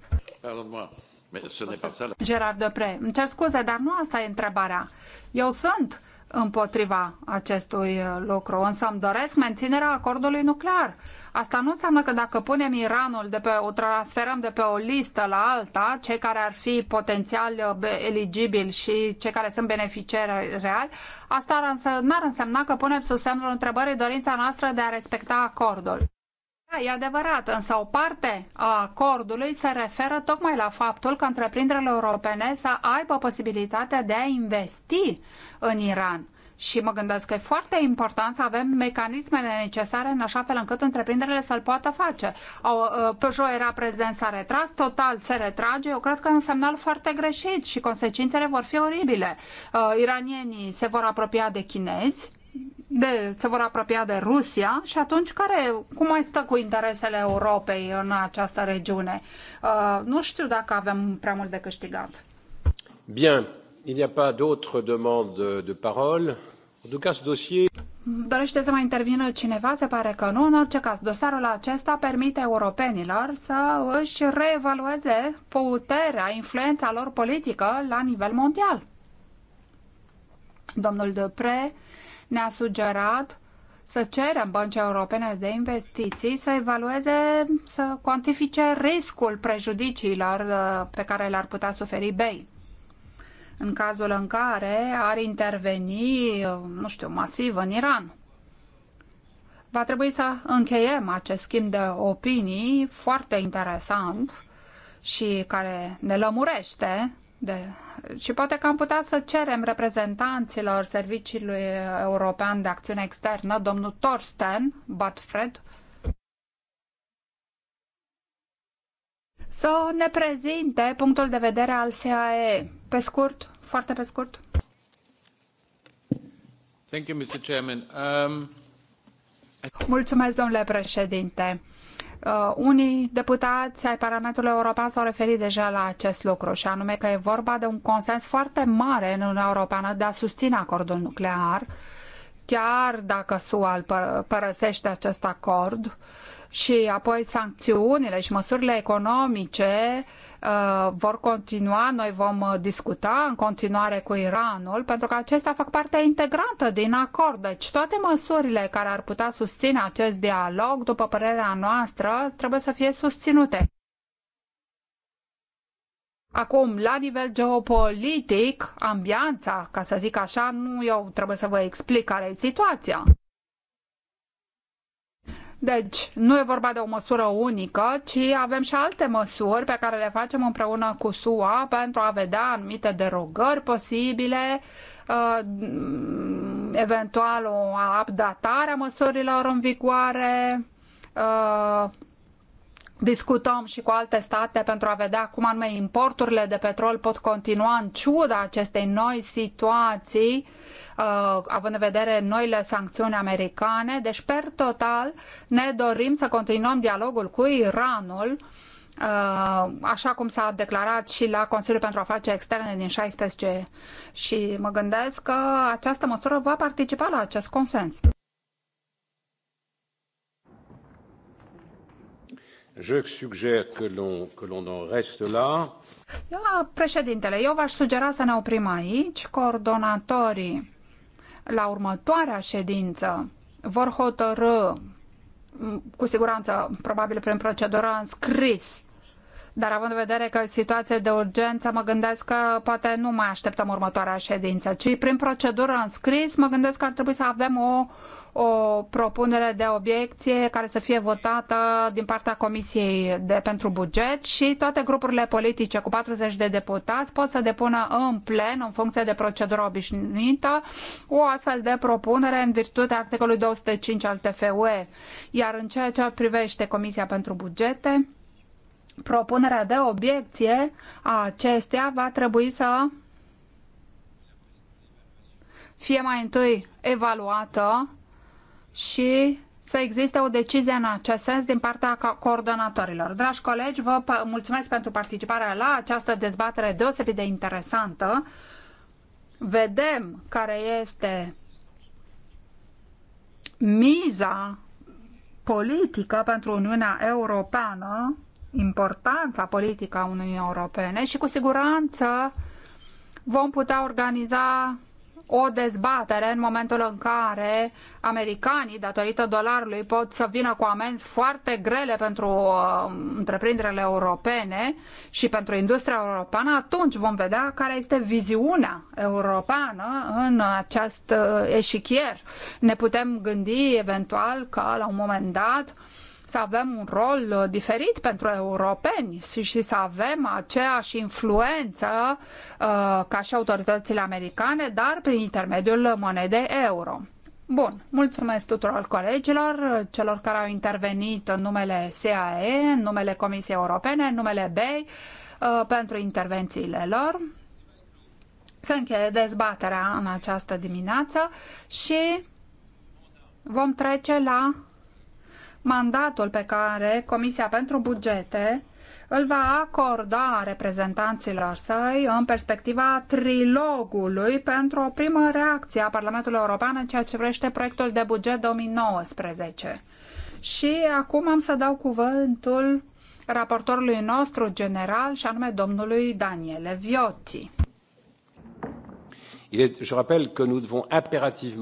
Gerard Depre, îmi cer scuze, dar nu asta e întrebarea. Eu sunt împotriva acestui lucru, însă îmi doresc menținerea acordului nuclear. Asta nu înseamnă că dacă punem Iranul de pe, o transferăm de pe o listă la alta, cei care ar fi potențial uh, eligibili și cei care sunt beneficiari reali, asta n-ar însemna că punem sub semnul întrebării dorința noastră de a respecta acordul. Da, e adevărat, însă o parte a acordului se referă tocmai la faptul că întreprinderile europene să aibă posibilitatea de a investi în Iran. Și mă gândesc că e foarte important să avem mecanismele necesare în așa fel încât întreprinderile să-l poată face. Uh, Peugeot era prezent, s-a retras, total se retrage. Eu cred că e un semnal foarte greșit și consecințele vor fi oribile. Uh, iranienii se vor apropia de chinezi de, se vor apropia de Rusia și atunci care, cum mai stă cu interesele Europei în această regiune? Uh, nu știu dacă avem prea mult de câștigat. Bien, il n'y a pas d'autres demandes de parole. En tout cas, ce dossier... Dorește să mai intervină cineva? Se pare că nu. În orice caz, dosarul acesta permite europenilor să își reevalueze puterea, influența lor politică la nivel mondial. Domnul Depre ne-a sugerat să cerem băncii europene de investiții să evalueze, să cuantifice riscul prejudiciilor uh, pe care le-ar putea suferi BEI. În cazul în care ar interveni, uh, nu știu, masiv în Iran. Va trebui să încheiem acest schimb de opinii foarte interesant și care ne lămurește de. Și poate că am putea să cerem reprezentanților Serviciului European de Acțiune Externă, domnul Torsten Batfred, să ne prezinte punctul de vedere al SAE. Pe scurt, foarte pe scurt. Thank you, Mr. Chairman. Um... Mulțumesc, domnule președinte. Uh, unii deputați ai Parlamentului European s-au referit deja la acest lucru și anume că e vorba de un consens foarte mare în Uniunea Europeană de a susține acordul nuclear, chiar dacă SUA îl părăsește acest acord și apoi sancțiunile și măsurile economice uh, vor continua, noi vom uh, discuta în continuare cu Iranul, pentru că acestea fac parte integrantă din acord. Deci toate măsurile care ar putea susține acest dialog, după părerea noastră, trebuie să fie susținute. Acum, la nivel geopolitic, ambianța, ca să zic așa, nu eu trebuie să vă explic care e situația. Deci, nu e vorba de o măsură unică, ci avem și alte măsuri pe care le facem împreună cu SUA pentru a vedea anumite derogări posibile, uh, eventual o updatare a măsurilor în vigoare, uh, discutăm și cu alte state pentru a vedea cum anume importurile de petrol pot continua în ciuda acestei noi situații, uh, având în vedere noile sancțiuni americane. Deci, per total, ne dorim să continuăm dialogul cu Iranul, uh, așa cum s-a declarat și la Consiliul pentru Afaceri Externe din 16. Și mă gândesc că această măsură va participa la acest consens. Je suggère que l'on en reste là. Da, președintele, eu v-aș sugera să ne oprim aici. Coordonatorii la următoarea ședință vor hotărâ cu siguranță, probabil prin procedură în scris, dar având în vedere că e situație de urgență, mă gândesc că poate nu mai așteptăm următoarea ședință, ci prin procedură în scris, mă gândesc că ar trebui să avem o, o propunere de obiecție care să fie votată din partea Comisiei de, pentru Buget și toate grupurile politice cu 40 de deputați pot să depună în plen, în funcție de procedura obișnuită, o astfel de propunere în virtutea articolului 205 al TFUE. Iar în ceea ce privește Comisia pentru Bugete, propunerea de obiecție acestea va trebui să fie mai întâi evaluată și să existe o decizie în acest sens din partea coordonatorilor. Dragi colegi, vă mulțumesc pentru participarea la această dezbatere deosebit de interesantă. Vedem care este miza politică pentru Uniunea Europeană importanța politică a Uniunii Europene și cu siguranță vom putea organiza o dezbatere în momentul în care americanii, datorită dolarului, pot să vină cu amenzi foarte grele pentru uh, întreprinderile europene și pentru industria europeană, atunci vom vedea care este viziunea europeană în acest uh, eșichier. Ne putem gândi eventual că la un moment dat uh, să avem un rol uh, diferit pentru europeni și să avem aceeași influență uh, ca și autoritățile americane, dar prin intermediul monedei euro. Bun, mulțumesc tuturor colegilor, uh, celor care au intervenit în numele SEAE, în numele Comisiei Europene, în numele BEI, pentru intervențiile lor. Se încheie dezbaterea în această dimineață și vom trece la mandatul pe care Comisia pentru Bugete îl va acorda reprezentanților săi în perspectiva trilogului pentru o primă reacție a Parlamentului European în ceea ce vrește proiectul de buget 2019. Și acum am să dau cuvântul raportorului nostru general și anume domnului Daniele Viotti.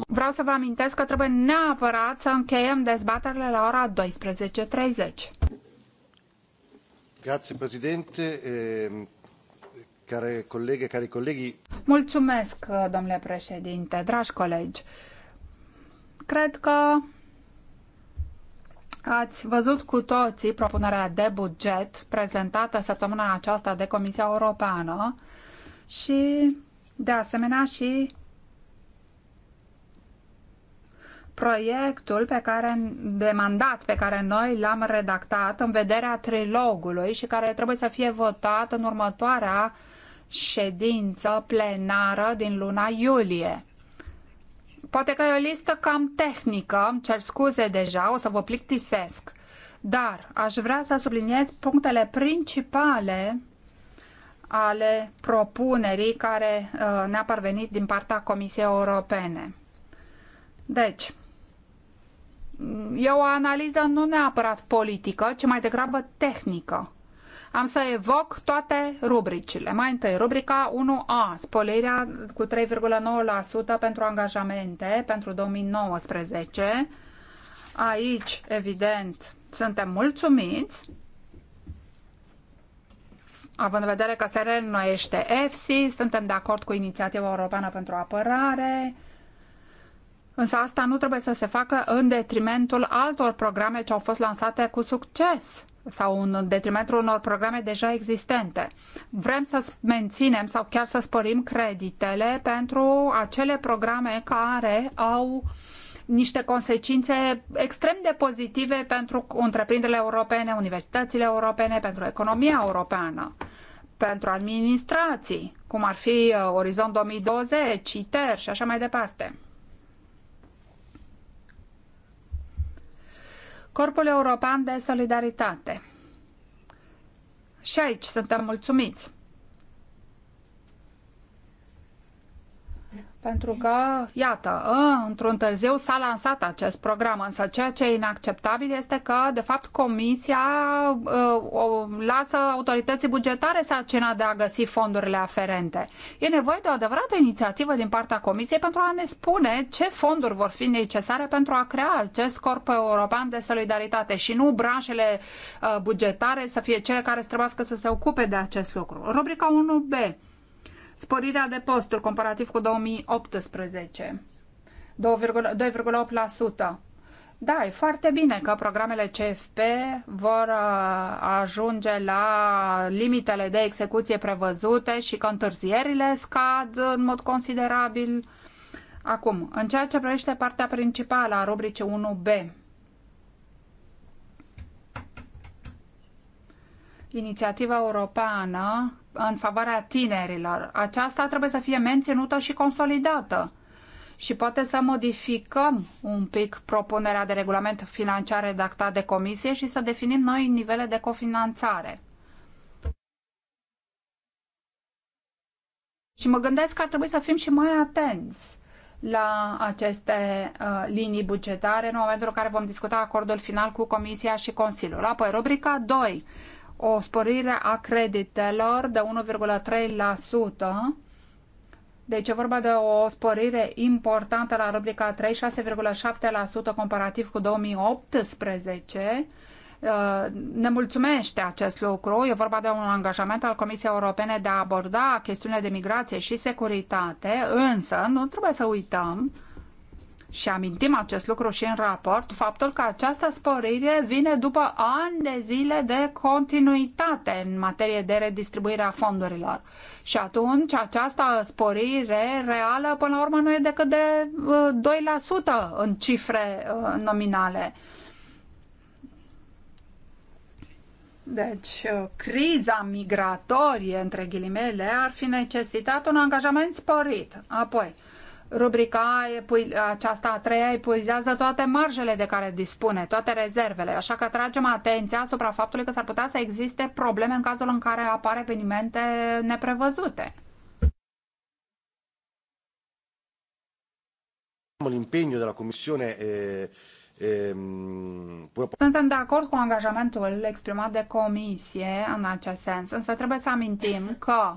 Vreau să vă amintesc că trebuie neapărat să încheiem dezbaterile la ora 12.30. Grazie, Presidente. Ehm, care colegi, care colegi... Mulțumesc, domnule președinte, dragi colegi. Cred că ați văzut cu toții propunerea de buget prezentată săptămâna aceasta de Comisia Europeană și de asemenea și proiectul pe care, de mandat pe care noi l-am redactat în vederea trilogului și care trebuie să fie votat în următoarea ședință plenară din luna iulie. Poate că e o listă cam tehnică, îmi cer scuze deja, o să vă plictisesc, dar aș vrea să subliniez punctele principale ale propunerii care uh, ne-a parvenit din partea Comisiei Europene. Deci, e o analiză nu neapărat politică, ci mai degrabă tehnică. Am să evoc toate rubricile. Mai întâi, rubrica 1A, spălirea cu 3,9% pentru angajamente pentru 2019. Aici, evident, suntem mulțumiți Având în vedere că se reînnoiește este EFSI, suntem de acord cu Inițiativa Europeană pentru Apărare, însă asta nu trebuie să se facă în detrimentul altor programe ce au fost lansate cu succes sau în detrimentul unor programe deja existente. Vrem să menținem sau chiar să sporim creditele pentru acele programe care au niște consecințe extrem de pozitive pentru întreprinderile europene, universitățile europene, pentru economia europeană pentru administrații, cum ar fi uh, Orizont 2020, ITER și așa mai departe. Corpul European de Solidaritate. Și aici suntem mulțumiți. pentru că, iată, ă, într-un târziu s-a lansat acest program, însă ceea ce e inacceptabil este că, de fapt, Comisia ă, o lasă autorității bugetare sarcina de a găsi fondurile aferente. E nevoie de o adevărată inițiativă din partea Comisiei pentru a ne spune ce fonduri vor fi necesare pentru a crea acest corp european de solidaritate și nu branșele ă, bugetare să fie cele care trebuie să se ocupe de acest lucru. Rubrica 1b Sporirea de posturi comparativ cu 2018. 2,8%. Da, e foarte bine că programele CFP vor uh, ajunge la limitele de execuție prevăzute și că întârzierile scad în mod considerabil. Acum, în ceea ce privește partea principală a rubricii 1B, inițiativa europeană în favoarea tinerilor. Aceasta trebuie să fie menținută și consolidată și poate să modificăm un pic propunerea de regulament financiar redactat de comisie și să definim noi nivele de cofinanțare. Și mă gândesc că ar trebui să fim și mai atenți la aceste uh, linii bugetare în momentul în care vom discuta acordul final cu Comisia și Consiliul. Apoi, rubrica 2, o sporire a creditelor de 1,3%. Deci e vorba de o sporire importantă la rubrica 3, 6,7% comparativ cu 2018. Uh, ne mulțumește acest lucru. E vorba de un angajament al Comisiei Europene de a aborda chestiunile de migrație și securitate, însă nu trebuie să uităm și amintim acest lucru și în raport, faptul că această sporire vine după ani de zile de continuitate în materie de redistribuire a fondurilor. Și atunci această sporire reală, până la urmă, nu e decât de 2% uh, în cifre uh, nominale. Deci, uh, criza migratorie, între ghilimele, ar fi necesitat un angajament sporit. Apoi, rubrica aceasta a treia epuizează toate marjele de care dispune, toate rezervele, așa că tragem atenția asupra faptului că s-ar putea să existe probleme în cazul în care apare evenimente neprevăzute. L'impegno della Commissione suntem de acord cu angajamentul exprimat de comisie în acest sens, însă trebuie să amintim că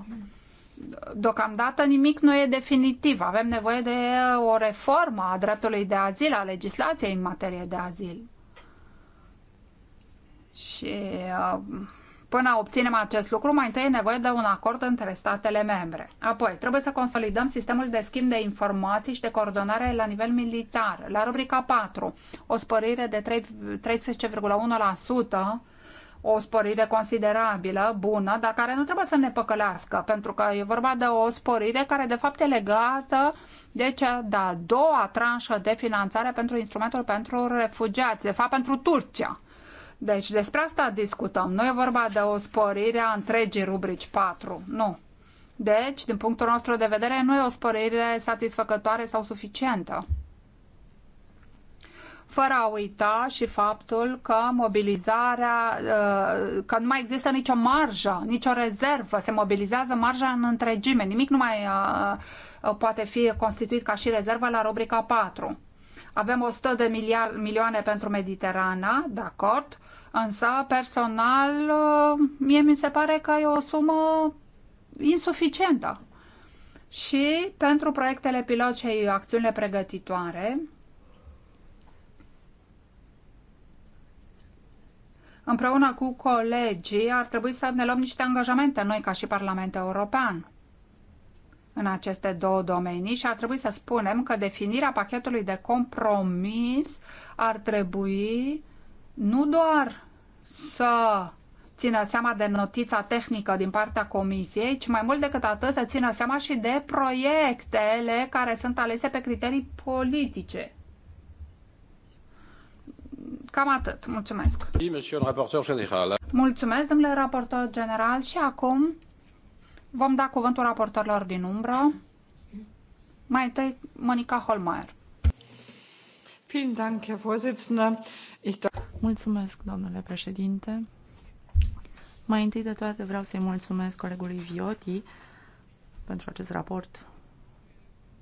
deocamdată nimic nu e definitiv. Avem nevoie de uh, o reformă a dreptului de azil, a legislației în materie de azil. Și uh, până obținem acest lucru, mai întâi e nevoie de un acord între statele membre. Apoi, trebuie să consolidăm sistemul de schimb de informații și de coordonare la nivel militar. La rubrica 4, o spărire de 13,1% o sporire considerabilă, bună, dar care nu trebuie să ne păcălească, pentru că e vorba de o sporire care de fapt e legată de cea de-a doua tranșă de finanțare pentru instrumentul pentru refugiați, de fapt pentru Turcia. Deci despre asta discutăm. Nu e vorba de o sporire a întregii rubrici 4, nu. Deci, din punctul nostru de vedere, nu e o sporire satisfăcătoare sau suficientă fără a uita și faptul că mobilizarea, uh, că nu mai există nicio marjă, nicio rezervă, se mobilizează marja în întregime, nimic nu mai uh, uh, poate fi constituit ca și rezervă la rubrica 4. Avem 100 de miliard, milioane pentru Mediterana, de acord, însă personal mie mi se pare că e o sumă insuficientă. Și pentru proiectele pilot și acțiunile pregătitoare, împreună cu colegii, ar trebui să ne luăm niște angajamente noi ca și Parlament European în aceste două domenii și ar trebui să spunem că definirea pachetului de compromis ar trebui nu doar să țină seama de notița tehnică din partea comisiei, ci mai mult decât atât să țină seama și de proiectele care sunt alese pe criterii politice. Cam atât. Mulțumesc. Mulțumesc, domnule raportor general. Și acum vom da cuvântul raportorilor din umbră. Mai întâi, Monica Holmeier. Mulțumesc, domnule președinte. Mai întâi de toate vreau să-i mulțumesc colegului Vioti pentru acest raport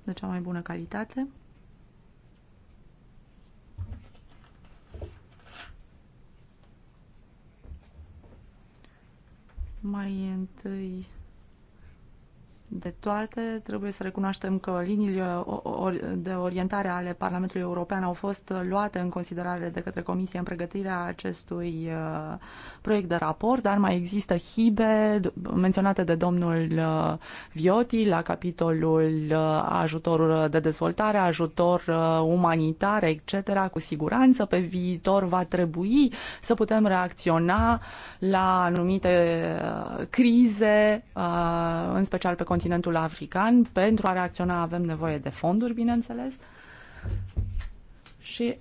de cea mai bună calitate. Mai întâi de toate, trebuie să recunoaștem că liniile de orientare ale Parlamentului European au fost luate în considerare de către Comisie în pregătirea acestui uh, proiect de raport, dar mai există hibe menționate de domnul uh, Vioti la capitolul uh, ajutor de dezvoltare, ajutor umanitar, etc. Cu siguranță pe viitor va trebui să putem reacționa la anumite crize, în special pe continent continentul african. Pentru a reacționa avem nevoie de fonduri, bineînțeles. Și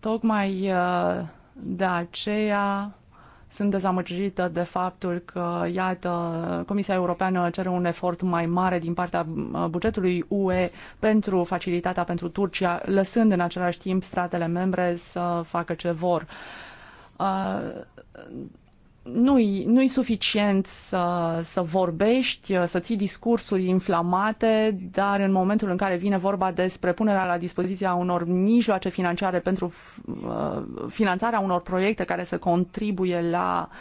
tocmai uh, de aceea sunt dezamăgită de faptul că, iată, Comisia Europeană cere un efort mai mare din partea uh, bugetului UE pentru facilitatea pentru Turcia, lăsând în același timp statele membre să facă ce vor. Uh, nu-i, nu-i suficient să, să vorbești, să ții discursuri inflamate, dar în momentul în care vine vorba despre punerea la dispoziția unor mijloace financiare pentru uh, finanțarea unor proiecte care să contribuie la uh,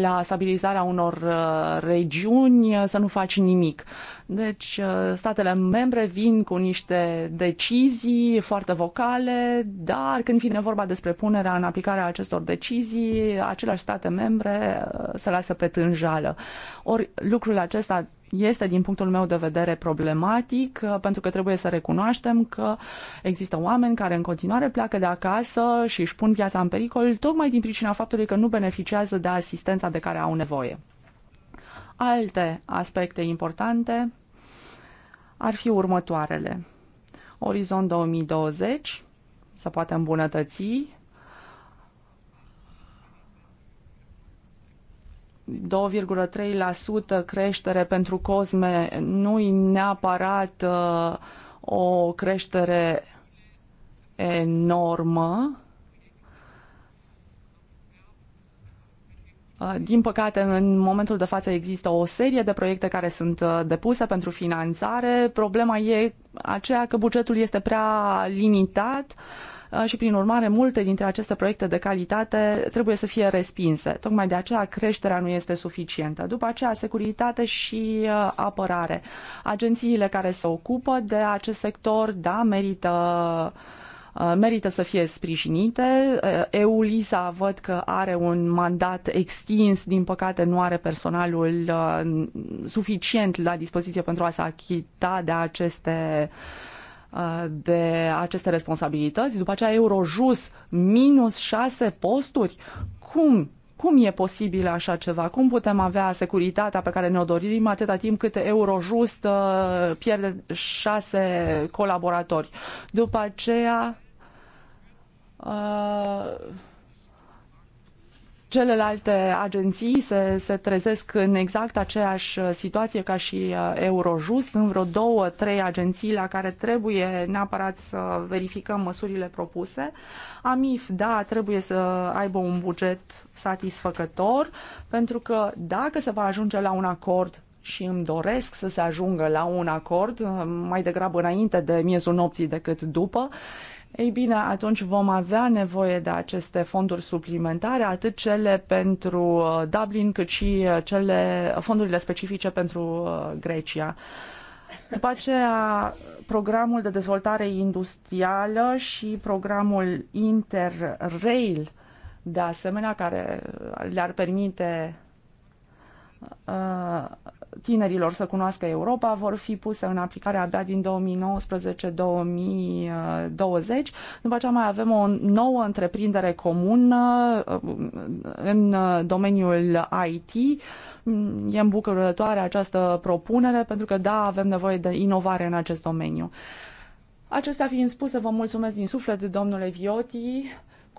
la stabilizarea unor uh, regiuni uh, să nu faci nimic. Deci uh, statele membre vin cu niște decizii foarte vocale, dar când vine vorba despre punerea în aplicare a acestor decizii, aceleași state membre se lasă pe tânjală. Ori lucrul acesta este, din punctul meu de vedere, problematic, uh, pentru că trebuie să recunoaștem că există oameni care în continuare pleacă de acasă și își pun viața în pericol, tocmai din pricina faptului că nu beneficiază de asistența de care au nevoie. Alte aspecte importante ar fi următoarele. Orizont 2020 se poate îmbunătăți 2,3% creștere pentru COSME nu e neapărat uh, o creștere enormă. Uh, din păcate, în momentul de față există o serie de proiecte care sunt uh, depuse pentru finanțare. Problema e aceea că bugetul este prea limitat. Uh, Uh, și, prin urmare, multe dintre aceste proiecte de calitate trebuie să fie respinse. Tocmai de aceea creșterea nu este suficientă. După aceea, securitate și uh, apărare. Agențiile care se ocupă de acest sector, da, merită uh, merită să fie sprijinite. EULISA văd că are un mandat extins, din păcate nu are personalul suficient la dispoziție pentru a se achita de aceste uh, de aceste responsabilități, după aceea Eurojus minus șase posturi? Cum? Cum e posibil așa ceva? Cum putem avea securitatea pe care ne-o dorim atâta timp cât Eurojust uh, pierde șase colaboratori? După aceea, Uh, Celelalte agenții se, se trezesc în exact aceeași situație ca și uh, Eurojust. În vreo două, trei agenții la care trebuie neapărat să verificăm măsurile propuse. AMIF, da, trebuie să aibă un buget satisfăcător, pentru că dacă se va ajunge la un acord și îmi doresc să se ajungă la un acord uh, mai degrabă înainte de miezul nopții decât după, ei bine, atunci vom avea nevoie de aceste fonduri suplimentare, atât cele pentru uh, Dublin, cât și uh, cele, fondurile specifice pentru uh, Grecia. După aceea, programul de dezvoltare industrială și programul Interrail, de asemenea, care le-ar permite tinerilor să cunoască Europa vor fi puse în aplicare abia din 2019-2020. După aceea mai avem o nouă întreprindere comună uh, în uh, domeniul IT. E îmbucurătoare această propunere pentru că, da, avem nevoie de inovare în acest domeniu. Acestea fiind spuse, vă mulțumesc din suflet, domnule Vioti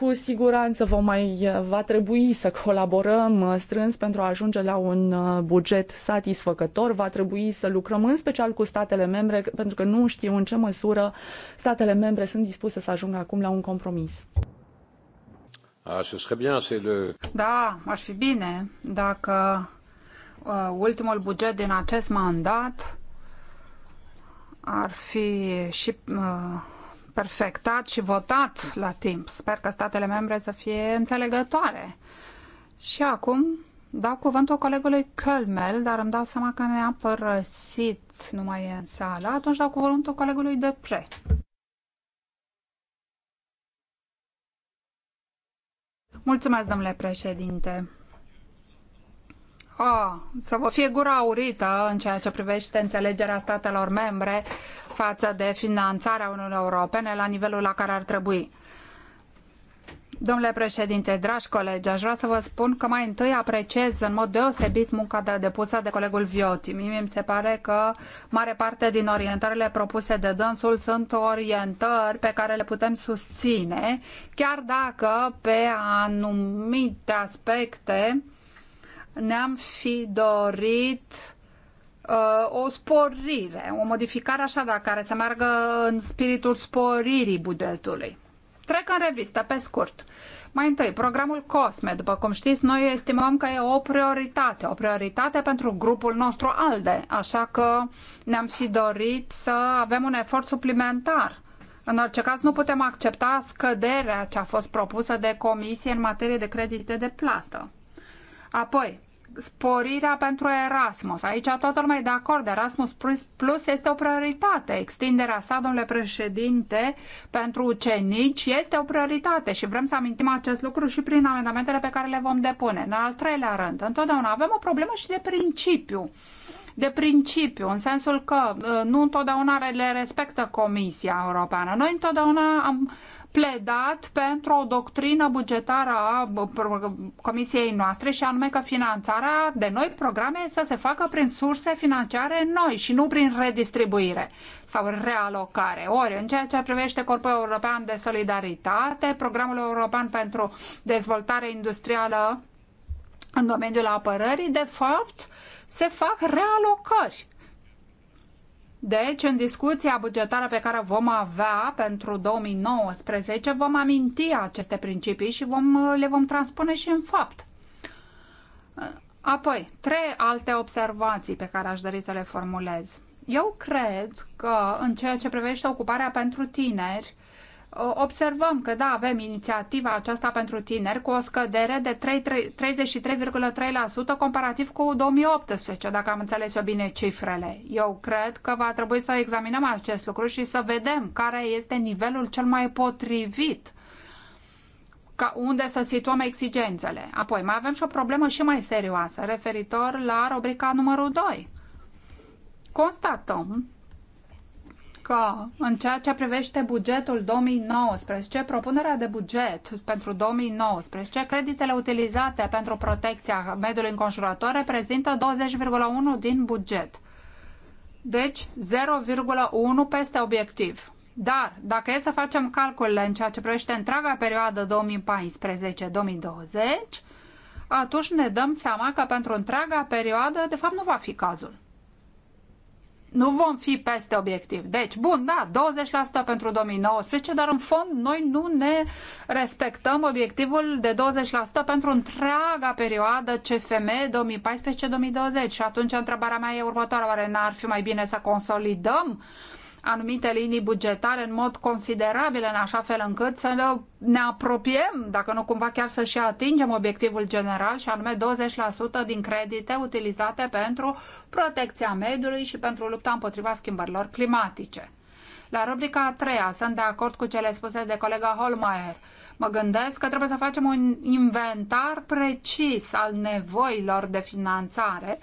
cu siguranță vom mai, eh, va trebui să colaborăm eh, strâns pentru a ajunge la un eh, buget satisfăcător. Va trebui să lucrăm în special cu statele membre, pentru că nu știu în ce măsură statele membre sunt dispuse să ajungă acum la un compromis. Ah, da, ar fi bine dacă ultimul buget din acest mandat ar fi și perfectat și votat la timp. Sper că statele membre să fie înțelegătoare. Și acum dau cuvântul colegului Kölmel, dar îmi dau seama că ne-a părăsit, nu mai e în sală. Atunci dau cuvântul colegului Depre. Mulțumesc, domnule președinte a, ah, să vă fie gura aurită în ceea ce privește înțelegerea statelor membre față de finanțarea Uniunii Europene la nivelul la care ar trebui. Domnule președinte, dragi colegi, aș vrea să vă spun că mai întâi apreciez în mod deosebit munca de depusă de colegul Vioti. Mie mi se pare că mare parte din orientările propuse de dânsul sunt orientări pe care le putem susține, chiar dacă pe anumite aspecte ne-am fi dorit uh, o sporire, o modificare așa, dacă care să meargă în spiritul sporirii bugetului. Trec în revistă, pe scurt. Mai întâi, programul COSME, după cum știți, noi estimăm că e o prioritate, o prioritate pentru grupul nostru ALDE, așa că ne-am fi dorit să avem un efort suplimentar. În orice caz, nu putem accepta scăderea ce a fost propusă de comisie în materie de credite de plată. Apoi, sporirea pentru Erasmus. Aici toată lumea e de acord. Erasmus Plus este o prioritate. Extinderea sa, domnule președinte, pentru ucenici este o prioritate și vrem să amintim acest lucru și prin amendamentele pe care le vom depune. În al treilea rând, întotdeauna avem o problemă și de principiu de principiu, în sensul că uh, nu întotdeauna le respectă Comisia Europeană. Noi întotdeauna am pledat pentru o doctrină bugetară a comisiei noastre și anume că finanțarea de noi programe să se facă prin surse financiare noi și nu prin redistribuire sau realocare. Ori, în ceea ce privește Corpul European de Solidaritate, Programul European pentru Dezvoltare Industrială în domeniul apărării, de fapt, se fac realocări deci, în discuția bugetară pe care vom avea pentru 2019, vom aminti aceste principii și vom, le vom transpune și în fapt. Apoi, trei alte observații pe care aș dori să le formulez. Eu cred că, în ceea ce privește ocuparea pentru tineri, observăm că da, avem inițiativa aceasta pentru tineri cu o scădere de 33,3% comparativ cu 2018, dacă am înțeles eu bine cifrele. Eu cred că va trebui să examinăm acest lucru și să vedem care este nivelul cel mai potrivit ca unde să situăm exigențele. Apoi, mai avem și o problemă și mai serioasă referitor la rubrica numărul 2. Constatăm că în ceea ce privește bugetul 2019, propunerea de buget pentru 2019, creditele utilizate pentru protecția mediului înconjurător reprezintă 20,1 din buget. Deci 0,1 peste obiectiv. Dar dacă e să facem calculele în ceea ce privește întreaga perioadă 2014-2020, atunci ne dăm seama că pentru întreaga perioadă, de fapt, nu va fi cazul nu vom fi peste obiectiv. Deci, bun, da, 20% pentru 2019, dar în fond noi nu ne respectăm obiectivul de 20% pentru întreaga perioadă CFM 2014-2020. Și atunci întrebarea mea e următoarea, oare n-ar fi mai bine să consolidăm uh, anumite linii bugetare în mod considerabil, în așa fel încât să ne apropiem, dacă nu cumva chiar să și atingem obiectivul general, și anume 20% din credite utilizate pentru protecția mediului și pentru lupta împotriva schimbărilor climatice. La rubrica a treia, sunt de acord cu cele spuse de colega Holmeier. Mă gândesc că trebuie să facem un inventar precis al nevoilor de finanțare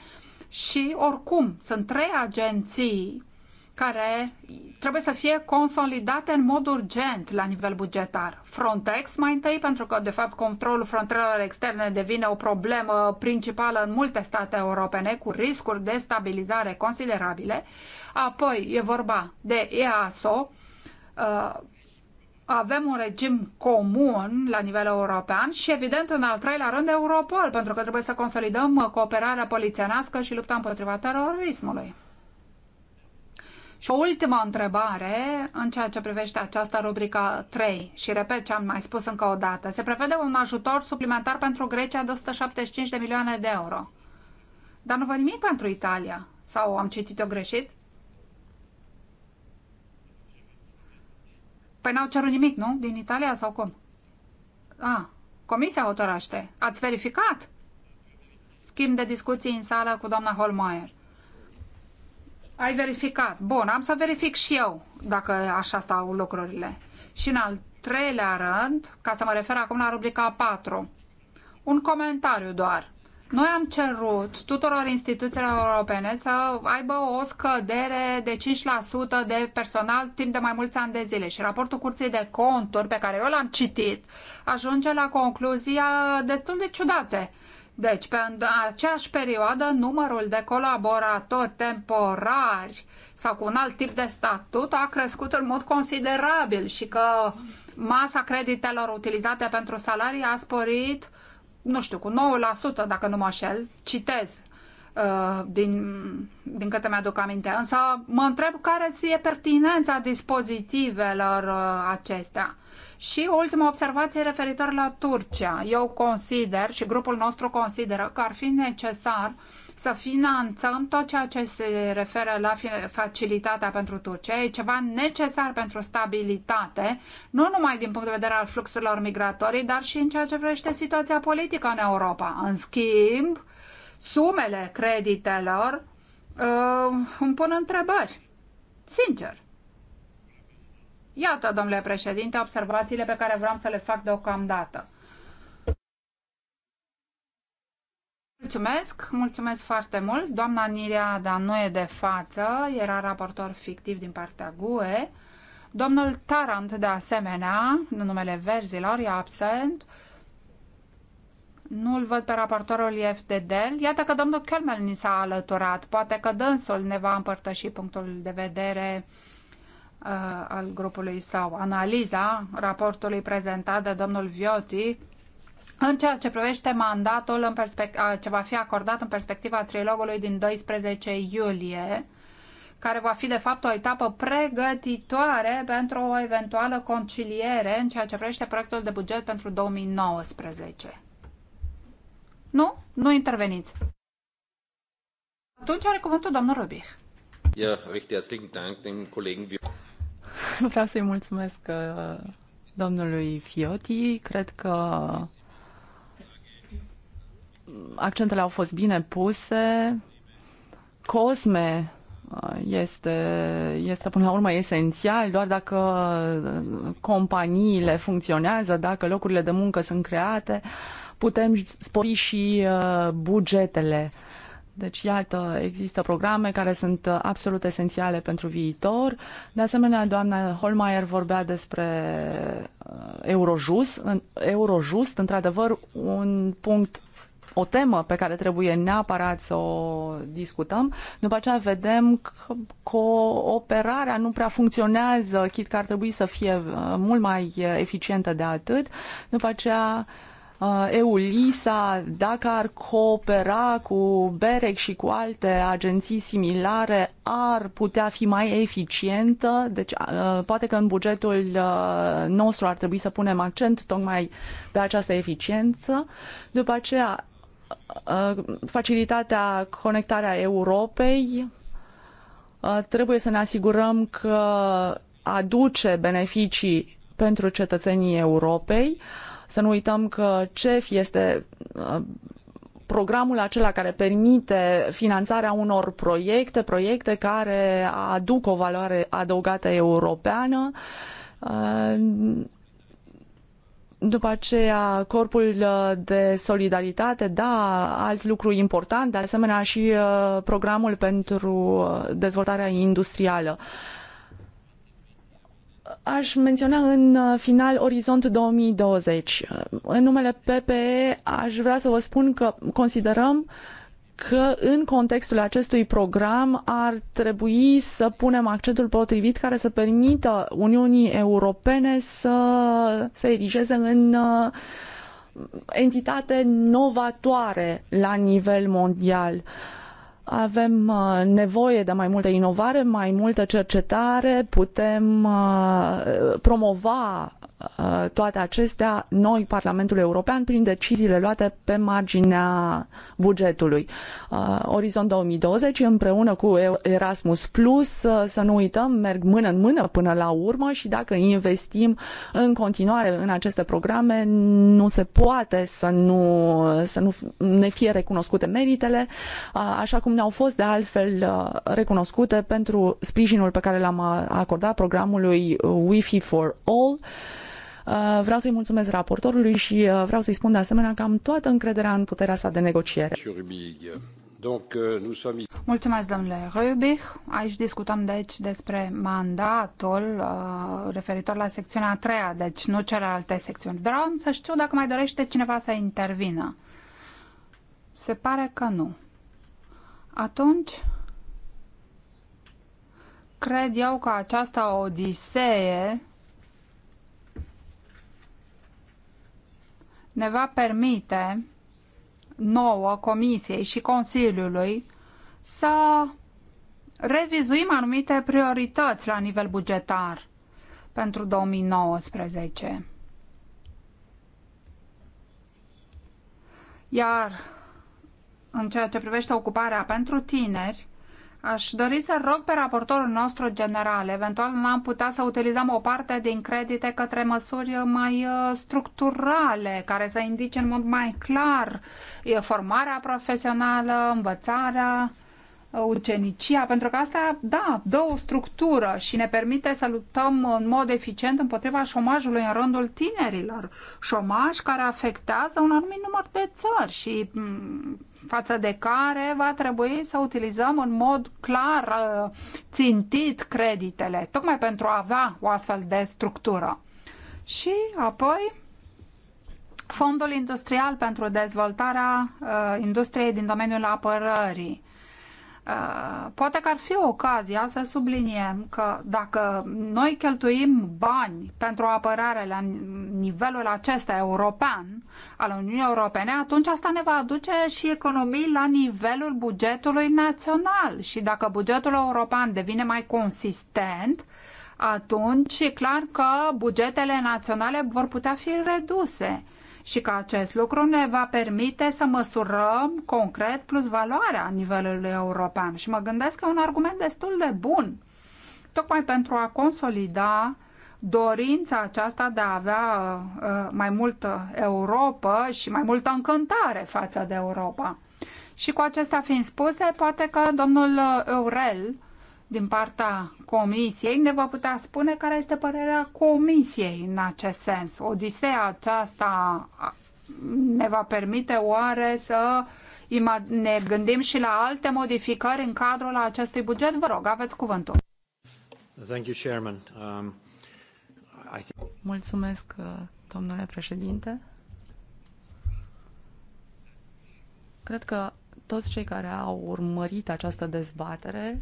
și, oricum, sunt trei agenții care trebuie să fie consolidate în mod urgent la nivel bugetar. Frontex mai întâi, pentru că, de fapt, controlul frontierelor externe devine o problemă principală în multe state europene, cu riscuri de stabilizare considerabile. Apoi e vorba de EASO, uh, avem un regim comun la nivel european și, evident, în al treilea rând, Europol, pentru că trebuie să consolidăm cooperarea polițienească și lupta împotriva terorismului. Și o ultimă întrebare în ceea ce privește această rubrică 3 și repet ce am mai spus încă o dată. Se prevede un ajutor suplimentar pentru Grecia de 175 de milioane de euro. Dar nu văd nimic pentru Italia. Sau am citit-o greșit? Păi n-au cerut nimic, nu? Din Italia sau cum? A, ah, comisia hotărăște. Ați verificat? Schimb de discuții în sală cu doamna Holmeier. Ai verificat. Bun, am să verific și eu dacă așa stau lucrurile. Și în al treilea rând, ca să mă refer acum la rubrica 4, un comentariu doar. Noi am cerut tuturor instituțiilor europene să aibă o scădere de 5% de personal timp de mai mulți ani de zile și raportul Curții de Conturi pe care eu l-am citit ajunge la concluzia destul de ciudate. Deci, pe aceeași perioadă, numărul de colaboratori temporari sau cu un alt tip de statut a crescut în mod considerabil și că masa creditelor utilizate pentru salarii a sporit, nu știu, cu 9%, dacă nu mă șel, citez, uh, din, din câte mi-aduc aminte. Însă mă întreb care e pertinența dispozitivelor uh, acestea. Și o ultimă observație referitor la Turcia. Eu consider și grupul nostru consideră că ar fi necesar să finanțăm tot ceea ce se referă la facilitatea pentru Turcia. E ceva necesar pentru stabilitate, nu numai din punct de vedere al fluxurilor migratorii, dar și în ceea ce privește situația politică în Europa. În schimb, sumele creditelor uh, îmi pun întrebări. Sincer. Iată, domnule președinte, observațiile pe care vreau să le fac deocamdată. Mulțumesc, mulțumesc foarte mult. Doamna Nirea nu e de față, era raportor fictiv din partea GUE. Domnul Tarant, de asemenea, în numele verzilor, e absent. Nu-l văd pe raportorul Del. Iată că domnul Kelmel ni s-a alăturat. Poate că dânsul ne va împărtăși punctul de vedere uh, Uh, al grupului sau analiza raportului prezentat de domnul Vioti în ceea ce privește mandatul în uh, ce va fi acordat în perspectiva trilogului din 12 iulie, care va fi de fapt o etapă pregătitoare pentru o eventuală conciliere în ceea ce privește proiectul de buget pentru 2019. Nu? Nu interveniți. Atunci are cuvântul domnul Rubich. Ja, recht herzlichen Dank den Kollegen Vreau să-i mulțumesc uh, domnului Fioti. Cred că accentele au fost bine puse. Cosme uh, este, este până la urmă esențial, doar dacă uh, companiile funcționează, dacă locurile de muncă sunt create, putem spori și bugetele deci, iată, există programe care sunt uh, absolut esențiale pentru viitor. De asemenea, doamna Holmeier vorbea despre uh, Eurojust. Eurojust, într-adevăr, un punct o temă pe care trebuie neapărat să o discutăm. După aceea vedem că cooperarea nu prea funcționează, chit că ar trebui să fie uh, mult mai eficientă de atât. După aceea Uh, EULISA, dacă ar coopera cu BEREC și cu alte agenții similare, ar putea fi mai eficientă. Deci, uh, poate că în bugetul uh, nostru ar trebui să punem accent tocmai pe această eficiență. După aceea, facilitatea conectarea Europei, trebuie să ne asigurăm că aduce beneficii pentru cetățenii Europei. Uh, să nu uităm că CEF este uh, programul acela care permite finanțarea unor proiecte, proiecte care aduc o valoare adăugată europeană. Uh, după aceea, corpul uh, de solidaritate, da, alt lucru important, de asemenea și programul pentru dezvoltarea industrială aș menționa în uh, final Orizont 2020. Uh, în numele PPE aș vrea să vă spun că considerăm că în contextul acestui program ar trebui să punem accentul potrivit care să permită Uniunii Europene să se erigeze în uh, entitate novatoare la nivel mondial. Uh, avem uh, nevoie de mai multă inovare, mai multă cercetare, putem uh, promova Uh, toate acestea, noi, Parlamentul European, prin deciziile luate pe marginea bugetului. Uh, Orizont 2020 împreună cu Erasmus Plus, uh, să nu uităm, merg mână în mână până la urmă și dacă investim în continuare în aceste programe, nu se poate să nu, să nu ne fie recunoscute meritele, așa cum ne-au fost de altfel recunoscute pentru sprijinul pe care l-am acordat programului Wi-Fi for All. Uh, vreau să-i mulțumesc raportorului și uh, vreau să-i spun de asemenea că am toată încrederea în puterea sa de negociere. Euh, mulțumesc, domnule Rubich. Aici discutăm deci despre mandatul uh, referitor la secțiunea a treia, deci nu celelalte secțiuni. Vreau să știu dacă mai dorește cineva să intervină. Se pare că nu. Atunci, cred eu că această odisee ne va permite nouă Comisiei și Consiliului să revizuim anumite priorități la nivel bugetar pentru 2019. Iar în ceea ce privește ocuparea pentru tineri, Aș dori să rog pe raportorul nostru general, eventual n-am putea să utilizăm o parte din credite către măsuri mai uh, structurale, care să indice în mod mai clar formarea profesională, învățarea, uh, ucenicia, pentru că asta, da, dă o structură și ne permite să luptăm în mod eficient împotriva șomajului în rândul tinerilor. Șomaj care afectează un anumit număr de țări și mm, față de care va trebui să utilizăm în mod clar uh, țintit creditele, tocmai pentru a avea o astfel de structură. Și apoi Fondul Industrial pentru Dezvoltarea uh, Industriei din domeniul apărării Eh, poate că ar fi ocazia să subliniem că dacă noi cheltuim bani pentru apărare la nivelul acesta european al Uniunii Europene, atunci asta ne va aduce și economii la nivelul bugetului național. Și dacă bugetul european devine mai consistent, atunci e clar că bugetele naționale vor putea fi reduse și că acest lucru ne va permite să măsurăm concret plus valoarea nivelului european. Și mă gândesc că e un argument destul de bun, tocmai pentru a consolida dorința aceasta de a avea uh, mai multă Europa și mai multă încântare față de Europa. Și cu acestea fiind spuse, poate că domnul Eurel uh, din partea comisiei ne va putea spune care este părerea comisiei în acest sens. Odiseea aceasta ne va permite oare să ne gândim și la alte modificări în cadrul acestui buget? Vă rog, aveți cuvântul. Thank you, Chairman. Um, I think... Mulțumesc, uh, domnule președinte. Cred că toți cei care au urmărit această dezbatere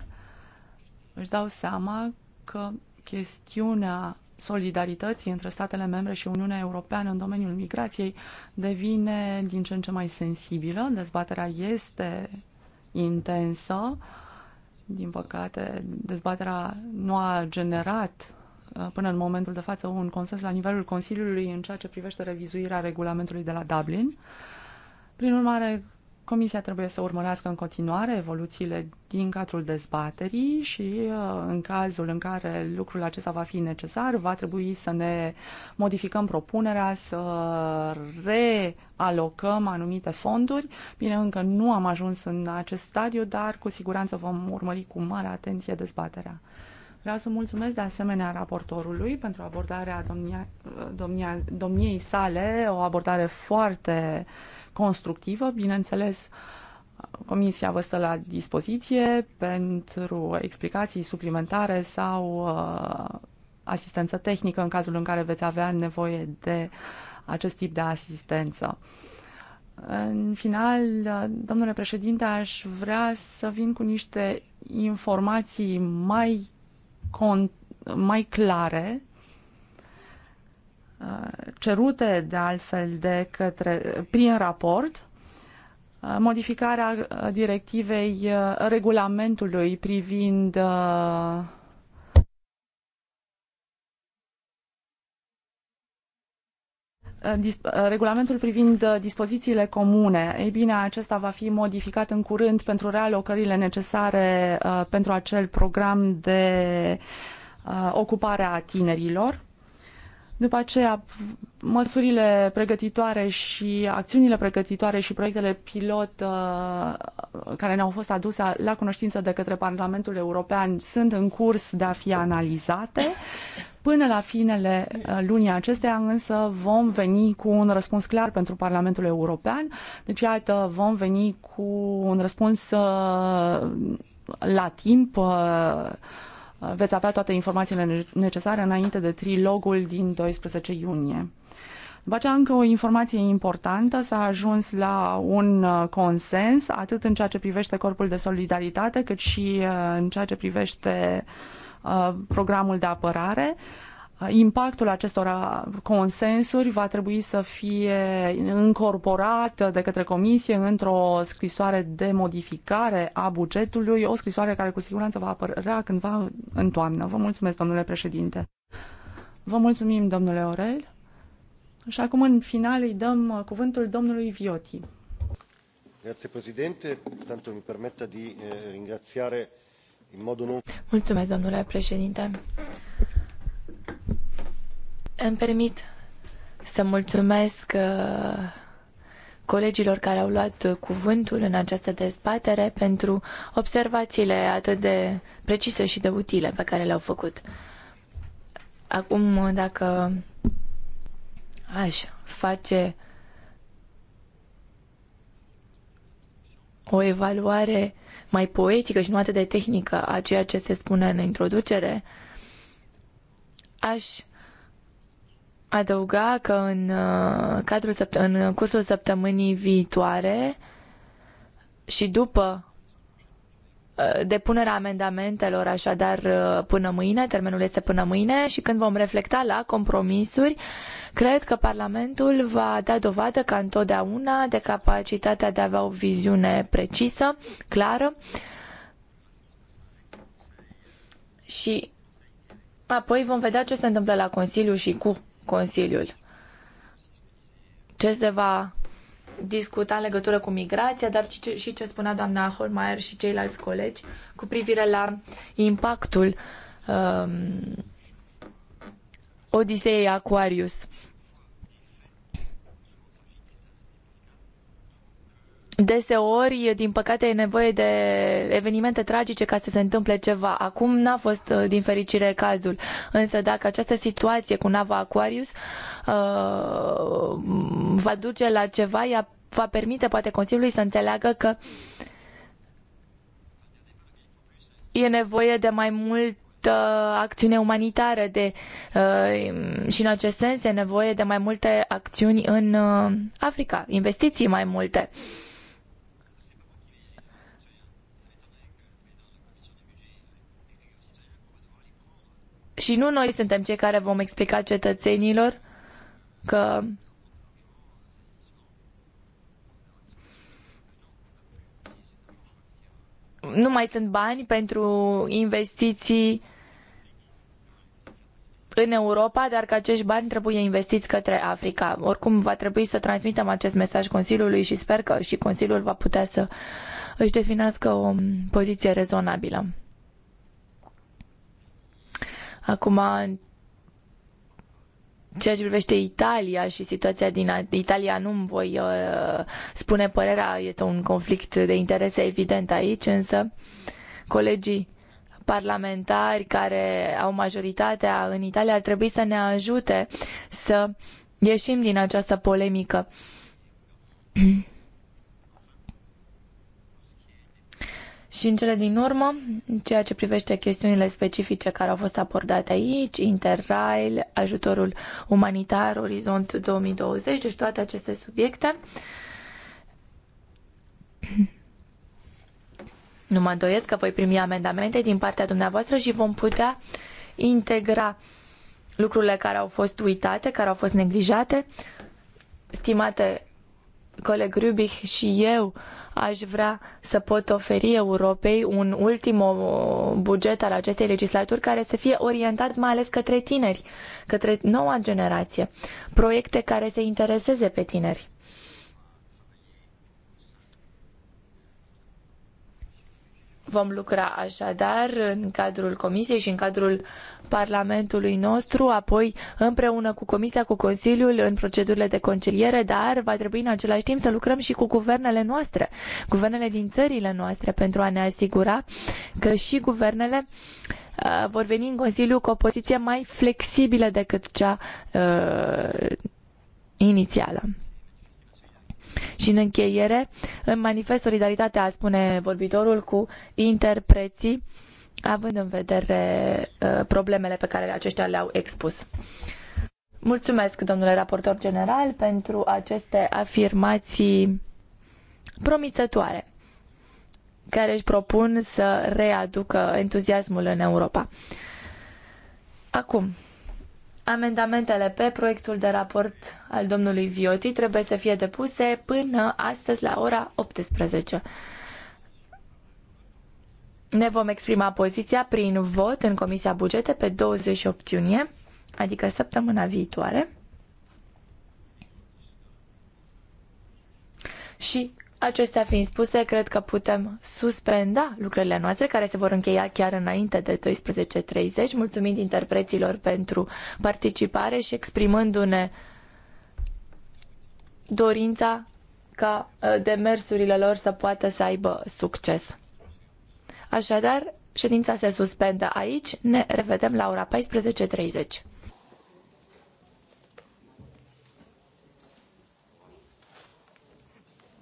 își dau seama că chestiunea solidarității între statele membre și Uniunea Europeană în domeniul migrației devine din ce în ce mai sensibilă. Dezbaterea este intensă. Din păcate, dezbaterea nu a generat uh, până în momentul de față un consens la nivelul Consiliului în ceea ce privește revizuirea regulamentului de la Dublin. Prin urmare, Comisia trebuie să urmărească în continuare evoluțiile din cadrul dezbaterii și uh, în cazul în care lucrul acesta va fi necesar, va trebui să ne modificăm propunerea, să realocăm anumite fonduri. Bine, încă nu am ajuns în acest stadiu, dar cu siguranță vom urmări cu mare atenție dezbaterea. Vreau să mulțumesc de asemenea raportorului pentru abordarea domnia, domnia, domniei sale, o abordare foarte constructivă. Bineînțeles, Comisia vă stă la dispoziție pentru explicații suplimentare sau uh, asistență tehnică în cazul în care veți avea nevoie de acest tip de asistență. În final, domnule președinte, aș vrea să vin cu niște informații mai, con- mai clare cerute de altfel de către, prin raport modificarea directivei uh, regulamentului privind uh, uh, regulamentul privind dispozițiile comune. Ei bine, acesta va fi modificat în curând pentru realocările necesare pentru acel program de ocupare a tinerilor după aceea, măsurile pregătitoare și acțiunile pregătitoare și proiectele pilot uh, care ne-au fost aduse la cunoștință de către Parlamentul European sunt în curs de a fi analizate. Până la finele uh, lunii acesteia însă vom veni cu un răspuns clar pentru Parlamentul European. Deci, iată, vom veni cu un răspuns uh, la timp uh, veți avea toate informațiile necesare înainte de trilogul din 12 iunie. După aceea, încă o informație importantă, s-a ajuns la un uh, consens, atât în ceea ce privește Corpul de Solidaritate, cât și uh, în ceea ce privește uh, programul de apărare impactul acestor consensuri va trebui să fie incorporat de către comisie într-o scrisoare de modificare a bugetului, o scrisoare care cu siguranță va apărea cândva în toamnă. Vă mulțumesc, domnule președinte. Vă mulțumim, domnule Orel. Și acum, în final, îi dăm cuvântul domnului Vioti. Grazie Presidente, tanto mi permetta di eh, ringraziare in modo non... Mulțumesc, domnule președinte. Îmi permit să mulțumesc uh, colegilor care au luat uh, cuvântul în această dezbatere pentru observațiile atât de precise și de utile pe care le-au făcut. Acum, dacă aș face o evaluare mai poetică și nu atât de tehnică a ceea ce se spune în introducere, aș adăuga că în, uh, cadrul în cursul săptămânii viitoare și după uh, depunerea amendamentelor, așadar uh, până mâine, termenul este până mâine și când vom reflecta la compromisuri, cred că Parlamentul va da dovadă ca întotdeauna de capacitatea de a avea o viziune precisă, clară și apoi vom vedea ce se întâmplă la Consiliu și cu Consiliul. Ce se va discuta în legătură cu migrația, dar și ce spunea doamna Holmeier și ceilalți colegi cu privire la impactul um, Odiseei Aquarius Deseori, din păcate, e nevoie de evenimente tragice ca să se întâmple ceva. Acum n-a fost, uh, din fericire, cazul. Însă dacă această situație cu nava Aquarius uh, va duce la ceva, ea va permite poate Consiliului să înțeleagă că e nevoie de mai mult acțiune umanitară de, uh, și în acest sens e nevoie de mai multe acțiuni în uh, Africa, investiții mai multe. Uh, Și nu noi suntem cei care vom explica cetățenilor că nu mai sunt bani pentru investiții în Europa, dar că acești bani trebuie investiți către Africa. Oricum va trebui să transmitem acest mesaj Consiliului și sper că și Consiliul va putea să își definească o poziție rezonabilă. Acum, în ceea ce privește Italia și situația din Italia, nu îmi voi uh, spune părerea, este un conflict de interese evident aici, însă colegii parlamentari care au majoritatea în Italia ar trebui să ne ajute să ieșim din această polemică. Și în cele din urmă, ceea ce privește chestiunile specifice care au fost abordate aici, Interrail, ajutorul umanitar, Orizont 2020, deci toate aceste subiecte. Nu mă îndoiesc că voi primi amendamente din partea dumneavoastră și vom putea integra lucrurile care au fost uitate, care au fost neglijate. Stimate coleg Rubic și eu aș vrea să pot oferi Europei un ultim buget al acestei legislaturi care să fie orientat mai ales către tineri, către noua generație, proiecte care să intereseze pe tineri. Vom lucra așadar în cadrul Comisiei și în cadrul Parlamentului nostru, apoi împreună cu Comisia, cu Consiliul în procedurile de conciliere, dar va trebui în același timp să lucrăm și cu guvernele noastre, guvernele din țările noastre, pentru a ne asigura că și guvernele uh, vor veni în Consiliu cu o poziție mai flexibilă decât cea uh, inițială. Și în încheiere, îmi manifest solidaritatea, spune vorbitorul, cu interpreții, având în vedere uh, problemele pe care aceștia le-au expus. Mulțumesc, domnule raportor general, pentru aceste afirmații promițătoare care își propun să readucă entuziasmul în Europa. Acum, Amendamentele pe proiectul de raport al domnului Vioti trebuie să fie depuse până astăzi la ora 18. Ne vom exprima poziția prin vot în Comisia Bugete pe 28 iunie, adică săptămâna viitoare. Și Acestea fiind spuse, cred că putem suspenda lucrările noastre care se vor încheia chiar înainte de 12.30, mulțumind interpreților pentru participare și exprimându-ne dorința ca ă, demersurile lor să poată să aibă succes. Așadar, ședința se suspendă aici, ne revedem la ora 14.30.